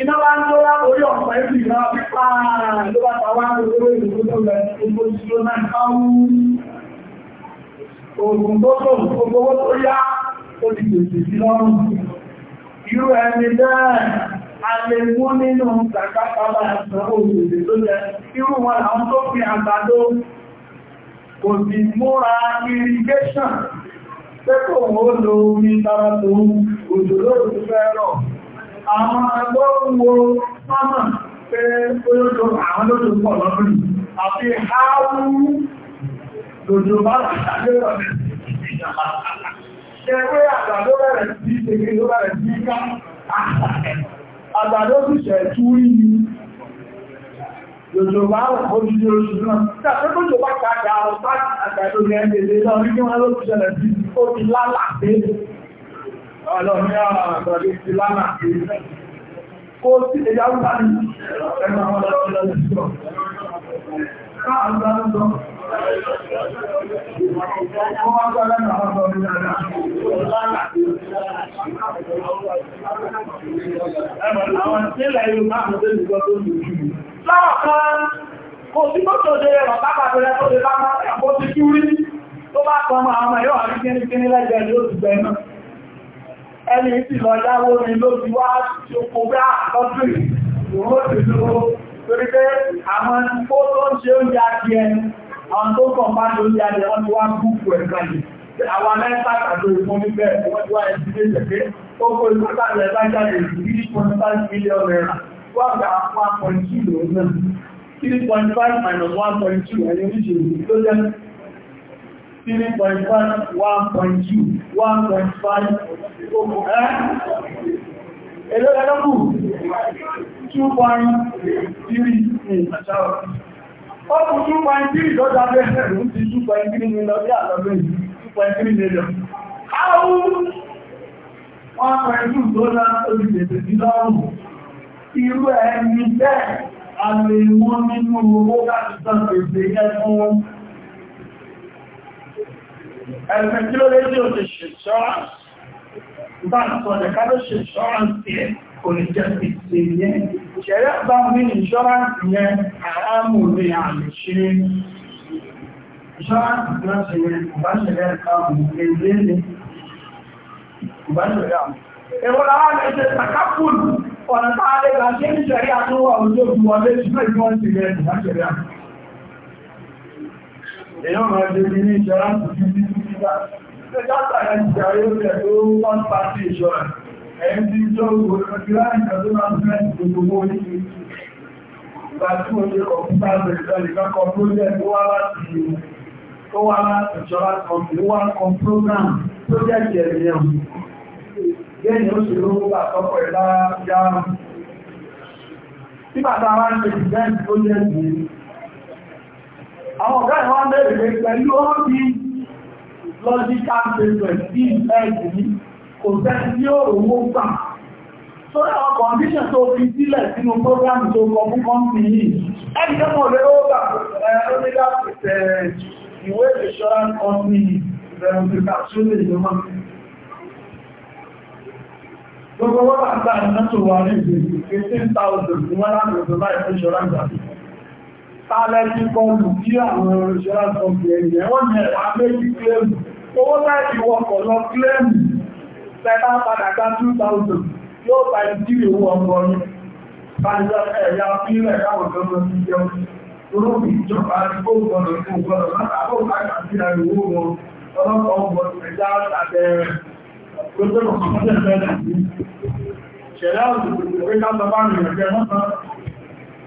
iná bá ń tó rá orí ọ̀pọ̀ ẹ̀bì ìlà pípa ló bá tàwà lórí ìlú tó lẹ̀ ogun ìṣòro náà káwú ogun tó tó gbogbo tó yá ó ti pèsè sí lọ́rùn irú ẹni bẹ́ẹ̀ a lè mú nínú kàkàkàbà ìsàn òṣèlè tó jẹ irú wọn àwọn tó irrigation pé kò wọ́n lo omi tara tó òjò lóòrùn fẹ́ àwọn agbóhùnwò mọ́mà pé olóòtò àwọn olóòtò pọ̀ lọ́rùn àti àárú lòjò bá àtàlẹ́rọ̀ ṣẹ̀wé àgbàdo bẹ̀rẹ̀ sí ṣègbè ló bẹ̀rẹ̀ sí ká àgbàdo sì ṣẹ̀ tú yìí lòjò bá òjìdí oṣù náà tàbí lòjò bá ọ̀pá àgbàdo yẹn lè lọ rí kí wọ́n ló sí ó ti lálàá ọlọ́ni àgbàdé ti lánà kó sí ẹ̀yà ń bá ní ẹgbà wọn lọ́wọ́ lọ́wọ́ Kò sí mọ́tò jẹ́ ẹ̀rọ pápàtẹ́lẹ́ tó lè bá máa ẹ̀kọ́ ti kí rí tó bá kan máa ọmọ ẹ̀yọ́ àríkẹ́ríkẹ́rí lẹ́gbẹ̀ẹ́ ni ó ti gbẹ̀ẹ́ náà ẹni tí lọ yáwó ni ló ti wá tí ó kó bá lọ́dún ìwọ́n ti lọ torí pé àwọn tó tó ń ṣe oúnjẹ adìẹ àwọn tó kàn bá ní oúnjẹ adìẹ wọ́n ti wá gúúkù ẹ̀ kalẹ̀ àwọn amẹ́ta àjò ìfún níbẹ̀ wọ́n ti wá ẹ̀sí lé tẹ̀lé ó kó ìlú sáré ẹ̀bá jáde three point five million naira wọ́n gba minus one point two ẹni oríṣiríṣi 3.5 1.2, 1.5, 2.3 ìpàṣáwọ̀. 2.3 tó dábẹ́ ẹ̀rùn ti 2.3 mílọ bí 2.3 mílọ. Áwú 1.2 tó lá olùgbèsè sí lọ́rùn. Irú ẹni bẹ́ẹ̀ nínú owó láti ẹ̀rùn kí ló lé tí ó ti ṣe ṣọ́rán bá sọ̀dẹ̀ ká ló ṣe ṣọ́rán sí ẹ̀ kò ní jẹ́ ti ṣe yẹn ṣẹ̀rẹ́ bá mú ní ṣọ́rán yẹn àrámù ní àmì ṣe ṣọ́rán ìgbà ṣe yẹn kò bá ṣẹ̀rẹ́ àmì ẹgbẹ́ ni kò bá ṣẹ̀rẹ́ àmì ẹwọ́n láwọn ẹgbẹ́ takapùn ọ̀nà táà lè gbà ṣe ń ṣẹ̀rẹ́ àtúwọ̀ òjò ìwọ̀n lé ṣùgbọ́n ìwọ̀n ti rẹ̀ kò bá ṣẹ̀rẹ́ èyàn máa jẹ́ bí ní ìṣẹ́ láti fi ní títà ṣe dáta ẹ̀ ti jẹ́ ayébẹ̀ tó wọ́n pàtí ìṣọ́ra ẹ̀yìn tí ìjọ ògbòrò ti láì ìjọdó máa ń fẹ́ ìgbògbò ní ìgbà tí mo ṣe kọ̀pútà bẹ̀rẹ̀ kọ́ project tó wá láti tó wá láti ìṣọ́ra kọ̀pútà wá kọ program project ẹ̀yẹn lẹ́yìn ó ṣe lówó bá tọ́pọ̀ ẹ̀lá yára Nígbàtà wá ń ṣe ìgbẹ́ ìgbóyẹ̀ ìgbìyànjú àwọn ọ̀gá ìwọ́n bẹ̀rẹ̀ logical statement bí ẹ̀dì ní kò tẹ́sí ní òòwò gbà tó àwọn condition tó fi sílẹ̀ sínú program tó kọ fún company yìí ẹni tó mọ̀ lérò gbà ẹ̀rọ ìwé insurance company ìbẹ̀rùn ti kàṣúlẹ̀ ìjọmọ́ Gbogbo wọ́n bá gbà ìrìnàṣò wà ní ìgbèsí 15,000 ní wọ́n láti ọ̀dọ̀ láìpẹ́ ìṣọ́rá tààlẹ́tí kọlù bí àwọn òṣèrà sọ bí ẹ̀yẹ̀ wọ́n ni ẹ̀wà méjì kílẹ̀mù owó láti wọkọ̀ lọ kílẹ̀mù tẹ́lá padà gba 2000 yóò bá ìdílé owó ọmọ ní pàdé ẹ̀yà pílẹ̀ káwọn gọ́gọ́ sí jẹun lórí ìjọba àdúgbò gbọ́dọ̀ fún gbọ́dọ̀ látàbọ̀ láti àrí owó wọn ọlọ́pàá ọgbọ̀n ẹ̀dá àtẹ̀rẹ̀ gbọ́dọ̀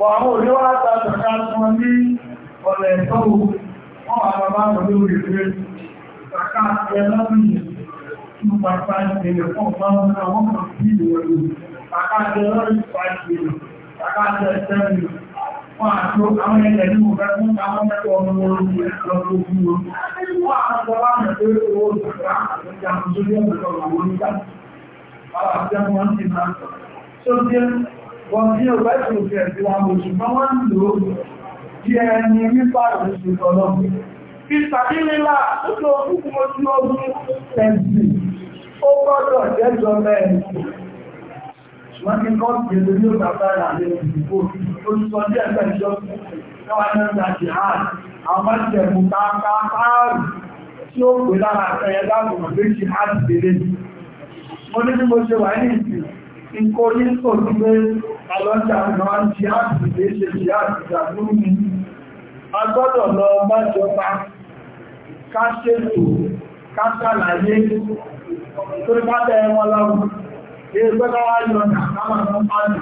Bọ̀ àwọn olówó àtàtàkà tún ní ọ̀nà ẹ̀tọ́ wọn àwọn bá wọn ní orí rẹ̀. Kàkà ẹlọ́mìnì tún pàpá ìpínlẹ̀ fún ọ̀pọ̀ àwọn kan sí ìwọ̀lú. Kàkà ẹlọ́mìnì pàṣẹ kàkà ẹlọ́mìnì Wọ́n àwọn ẹgbẹ̀ ní mo àwọn mẹ́kọ̀ọ́ Àwọn àti àwọn ọmọ ti wọn bí ọgbà ìṣòfẹ́ ẹ̀sìn wọn oṣù máa wọ́n ń lò ó bí ẹni nípa ìṣòfẹ́ ọlọ́run fi sàbílélà ó tó fún mo tí ó mú ẹ̀sìn ó gbọ́dọ̀ jẹ́jọ mẹ́rin wọ́n ní kọ́ọ̀tù èdè ní òkàtà ìrànlẹ̀ òdìbò ó sọ díẹ̀ pẹ̀lú ìjọ́sìn káwà náà ń dàjì hàn àwọn ìjẹ̀mù káàkiri tí ó pè lára ẹ̀yẹ láàrùn méjì hàn tèrè mo ní bí mo ṣe wà ní ìsìn Ìkó yí kò sí pé alọ́jà náà jí àti lè ṣe jí àti ìjàdúrú ni. A gbọ́dọ̀ lọ na ká ṣètò ká ṣàlàyé torí bá tẹ wọn yọ ní àkámà náà bá ní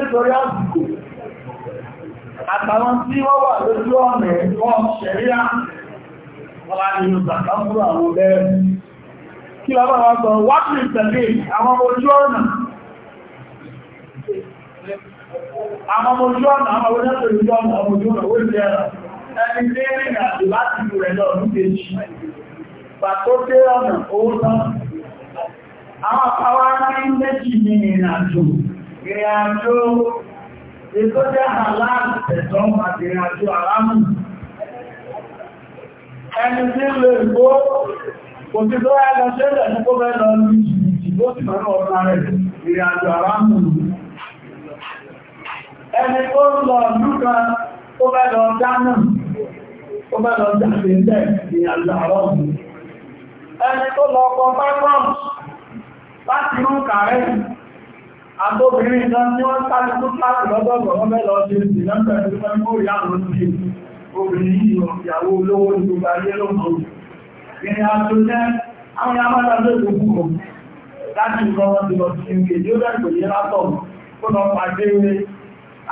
ìfọ̀rọ̀ Àtàwọn tí wọ́n wà lójú ọ̀nà ẹ̀kọ́ ṣẹ̀ríà kí lọ bá wọ́n sọ wọ́pù ìtẹ̀lé àwọn ọmọ ojú ọ̀nà àwọn ọmọ ojú ọ̀nà àwọn ọmọ ojú ọ̀nà ọmọ ojú ọ̀nà ó jẹ́ ẹni tí rìnrìn àti láti rẹ̀ lọ ní kejì pàtó dé ọ̀nà owó tán àwọn àpáwá ní méjì ní ìrìn àjò ìrìn àjò ètò jẹ́ àláàrùn ẹ̀tọ́ àti ìrìn àjò àlámù ẹni tí lè gbó Òtí tó rá lọ ṣẹ́lẹ̀ ní kó bẹ́ lọ ní ìjìbìtì ló sì mọ́nà ọ̀pá rẹ̀ ìrìn àjò àrámù. Ẹni tó ń lọ lúkà tó bẹ́ lọ dáná, tó bẹ́ lọ jáde ilẹ̀ ìrìn àjò àrámù. Ẹni tó lọ kọ pápọ̀ láti rú kàrẹ́ àtóbìnrin ìdán tí wọ́n sáré tó láti lọ́dọ̀gbọ̀ wọ́n bẹ́ lọ ṣe ìdìlọ́pẹ̀ẹ́ tó fẹ́ mú ìyá àwọn obìnrin yìí ìyàwó olówó ìgbà ayé lóòrùn ìrìn àjò jẹ́ àwọn amára lóògbò púpọ̀ láti ìrọwọ́ ti lọ sí ìrìn èdè ó dẹ̀kò yẹ látọ̀ kó lọ pàdé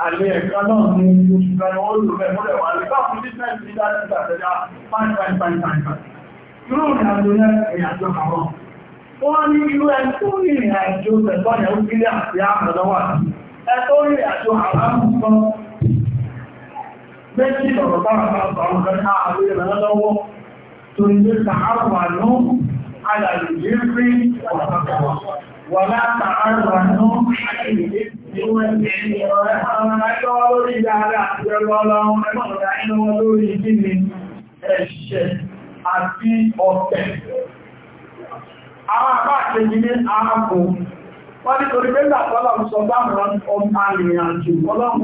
àlẹ́ ẹ̀kan náà ní oṣù kan ó lò rẹ̀ múlẹ̀ wà lè bá fún business ní láti ìgbàtẹ̀já 555 irú ìrìn àjò yẹ ìrìn àjò àwọn ó wá ní irú ẹni tó ní ìrìn àjò pẹ̀lú ọ̀yà ó kílẹ̀ àti àmọ̀lọ́wà ẹ tó rí àjò àlámù kan méjì lọ̀rọ̀ bá àwọn àwọn ọ̀gá torí pé tààrà nù alàlùyé rí ọ̀pọ̀pọ̀ wà látàárà nù àìlè tí wọ́n ti ní ọ̀rẹ́ àwọn ẹjọ́ lórí dáadáa àti ẹgbọ́ ọlọ́run ẹgbọ́nà inú wọn lórí kíni ẹ̀ṣẹ̀ àti ọ̀tẹ̀ àwọn àbáṣe ní ààbò wọ́n ní torí pé ìgbàtọ́lọ̀ sọ bá ọmọ arìnrìn àjò ọlọ́run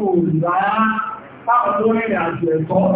òrùn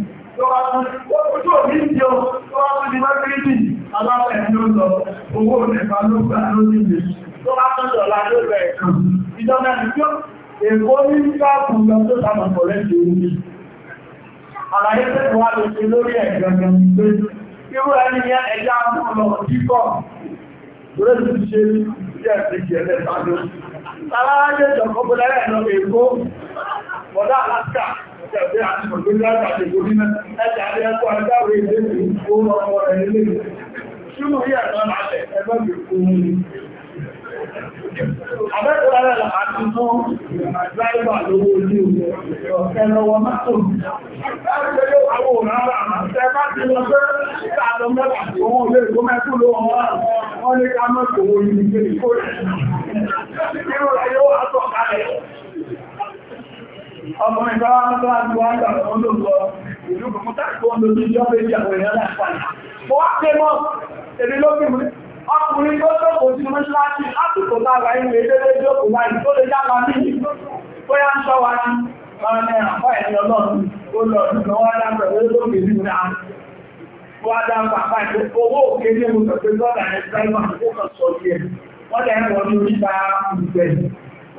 tó wá tún ojú òní ìjọ tó wá tún di mẹ́rìndì aláwẹ̀ ló lọ owó nẹ̀fà ló gbà lórí ilẹ̀ tó wá tún dọ̀la ló rẹ̀ kan ìjọba ìjọ èkó ní káàkù lọ tó sàmà pọ̀lẹ́ ti omi àlàyé tẹ́kọ̀ wá lè ṣe lórí ẹ̀gbẹ̀gbẹ̀ pé irú ẹni yẹn ẹja fún lọ kíkọ́ lórí ti ṣe jẹ́ bọ̀dá Alaska ìjẹ̀bẹ́ àti ọ̀gbẹ́lẹ́ àti ìgbòmínà ẹjà àti ẹkọ́ agbáwẹ̀ ilé ìgbòmọ̀ ọmọ ẹ̀lẹ́ ṣúnú yẹ̀ ẹ̀rọ àlẹ̀ ẹgbẹ́ ìgbòmí Abẹ́kọ̀ọ́rẹ́ àti fún àjáìbà lówó ojú ẹ̀lọ́wọ́ mọ́tò. Ẹgbẹ́ àwọn òrànlá àmà tẹ́ bá ti lọ pé ìtàdọ̀ mẹ́ta owó olè gómẹ́kú ló wọ́n wá wọ́n ní ká mọ́ ọmọ ìgbà wọn tó láti wá ìgbà wọn ló lọ ìlú kòmútà tó ń lójú ìjọ méjì àwọn èèyàn láti padà mo wá pé mọ́ èdè lókè mú ọkùnrin tó tó kò sí mọ́ṣáláṣí àtúntò lára ilé lélẹ́ jókòó láì tó lè yára ní bóyá ń sọ wa ní ọ̀rẹ́ àpá ẹ̀mí ọlọ́run ó lọ ìgbà wọn lábẹ̀ ó lókè sí ní àwọn wọ́n á dáhùn àpá ìpé owó òkè ní mo sọ pé lọ́dà ẹ̀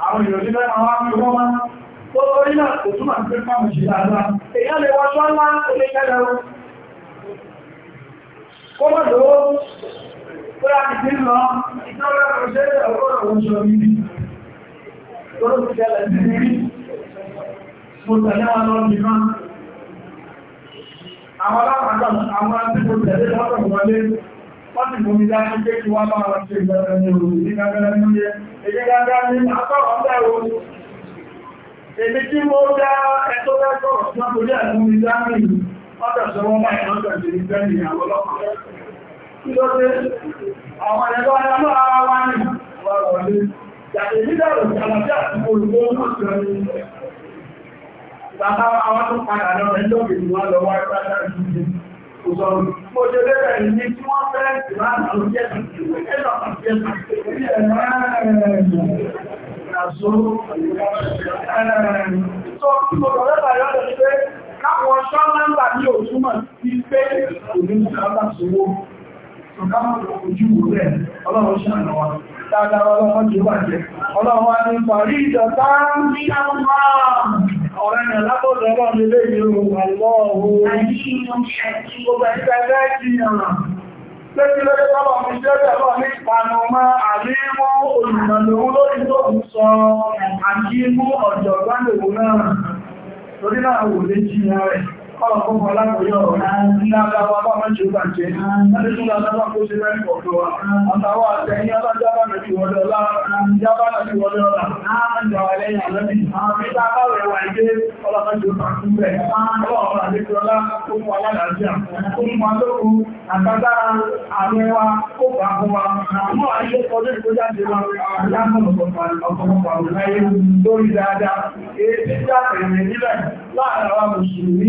Àwọn ìròyìn lẹ́nà wá ń gbọ́n máa tó orí náà kò túnmà ń pé fáwọn ìṣẹ́ àdá. Èyàn lè wọ́n ṣọ́ ńlá ó lè kẹ́lẹ̀ ohun. Kó mọ̀ lówó, tó láti tí lọ, ìtọ́lẹ̀ mo tẹ̀lé wọn lọ bí máa àwọn alápàdà àwọn àti mo tẹ̀lé lọ́pọ̀ wọlé wọ́n ti mú mi dájú pé kí wá bá wọn ṣe ìgbẹ̀rẹ̀ ní òru ní gbẹ̀rẹ̀ ní oye èyí dáadáa ní àtọ́rọ̀ ń bẹ̀rù èmi tí mo dá ẹ̀tọ́ lẹ́kọ̀ọ́ tí wọ́n torí ẹ̀mú mi dá mi ọ̀tọ̀ sọ wọ́n báyìí lọ́tọ̀ sí ní bẹ́ẹ̀ ni àwọn ọlọ́pàá kí ló dé àwọn ẹ̀rọ ẹ̀rọ ara wá ní wà wọlé yàtọ̀ ìdílé ọ̀rọ̀ ìjàlá bàbá àwọn tó padà lọ ẹlọ́gbẹ̀ ni wọ́n lọ wá pátá ìdíje kò sọ mo ṣe lẹ́rẹ̀ ní tí wọ́n fẹ́ sí láàrín àwọn jẹ́ Káwọn ṣọ́ nọ́mbà ní òtúmọ̀ sí pé òní ṣàbá sówó. Ṣọ̀kámọ̀ ojú rẹ̀, ọlọ́run ṣàrànà wa, dáadáa ọlọ́run jẹ́ wà jẹ́. Ọlọ́run wa ní parí ìjọta ń bí àwọn máa ọ̀rẹ́nà lábọ́dọ̀rọ̀ nílé ìrùn àlọ́ọ̀hún. Àyíkò ṣàkí gbogbo ẹ̀ta gáàkì ọ̀nà. Lẹ́bí lọ́dẹ́ tọ́lọ̀ mi jẹ́bẹ̀ lọ ní ìpanu mọ́ àríwọ́ olùmọ̀lòun lórí tó ń sọ àjímú ọ̀jọ̀gbọ́n lòun náà. Torí náà wò lé jí rẹ̀ ọ̀rọ̀ fún ọlá kò yọ ọ̀rọ̀ lábàbà bá mọ́ ṣe bàjẹ́ lẹ́lẹ́sùn lábàbà kó ṣe mẹ́rin ọ̀dọ́ wa àtàwà àtẹ̀yìn alájábà náà ti wọlé ọlá jábà náà ti wọlé ọlá àjọwà lẹ́yìn àlẹ́bì nígbà káwẹ̀ wà ìdé ọlọ́mọ́jú pàtúbẹ̀ ọlọ́ọ̀rọ̀ àdékọ́lá tó mú alálàájá tó mú alókun àtàgbára ààrẹ wa kó bá fún wa mọ́ ayé kọjú ìgbójáde wa láàrín ọ̀pọ̀lọpọ̀ àwọn láyé lórí dáadáa èyí tí jáde rẹ̀ nílẹ̀ láàrín àwọn mùsùlùmí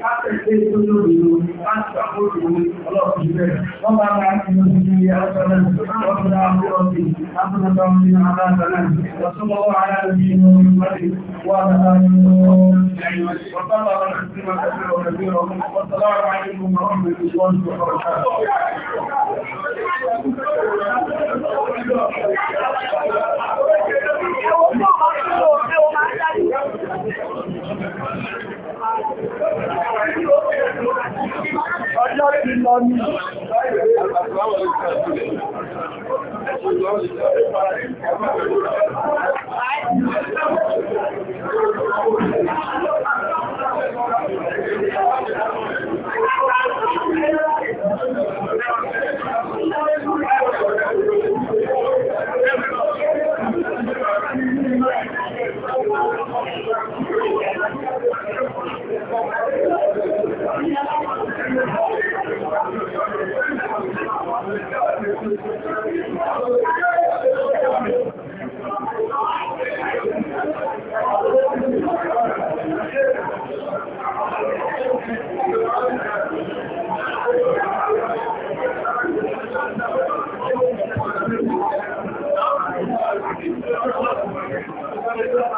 káàkiri tó lórí lórí láti àkókò ọlọ́pìn rẹ̀ wọ́n bá bá inú títí àwọ́sọ̀lẹ̀ ọ̀pọ̀lá àbúrọ̀sì àbúrọ̀sọ̀ ní aláàtàlẹ̀ wọ́sọ́lọ́wọ́ aláàrẹ̀ inú ìwádìí wà láàrin Thank you. Ọjọ́ ìrìn lọ ní Thank you.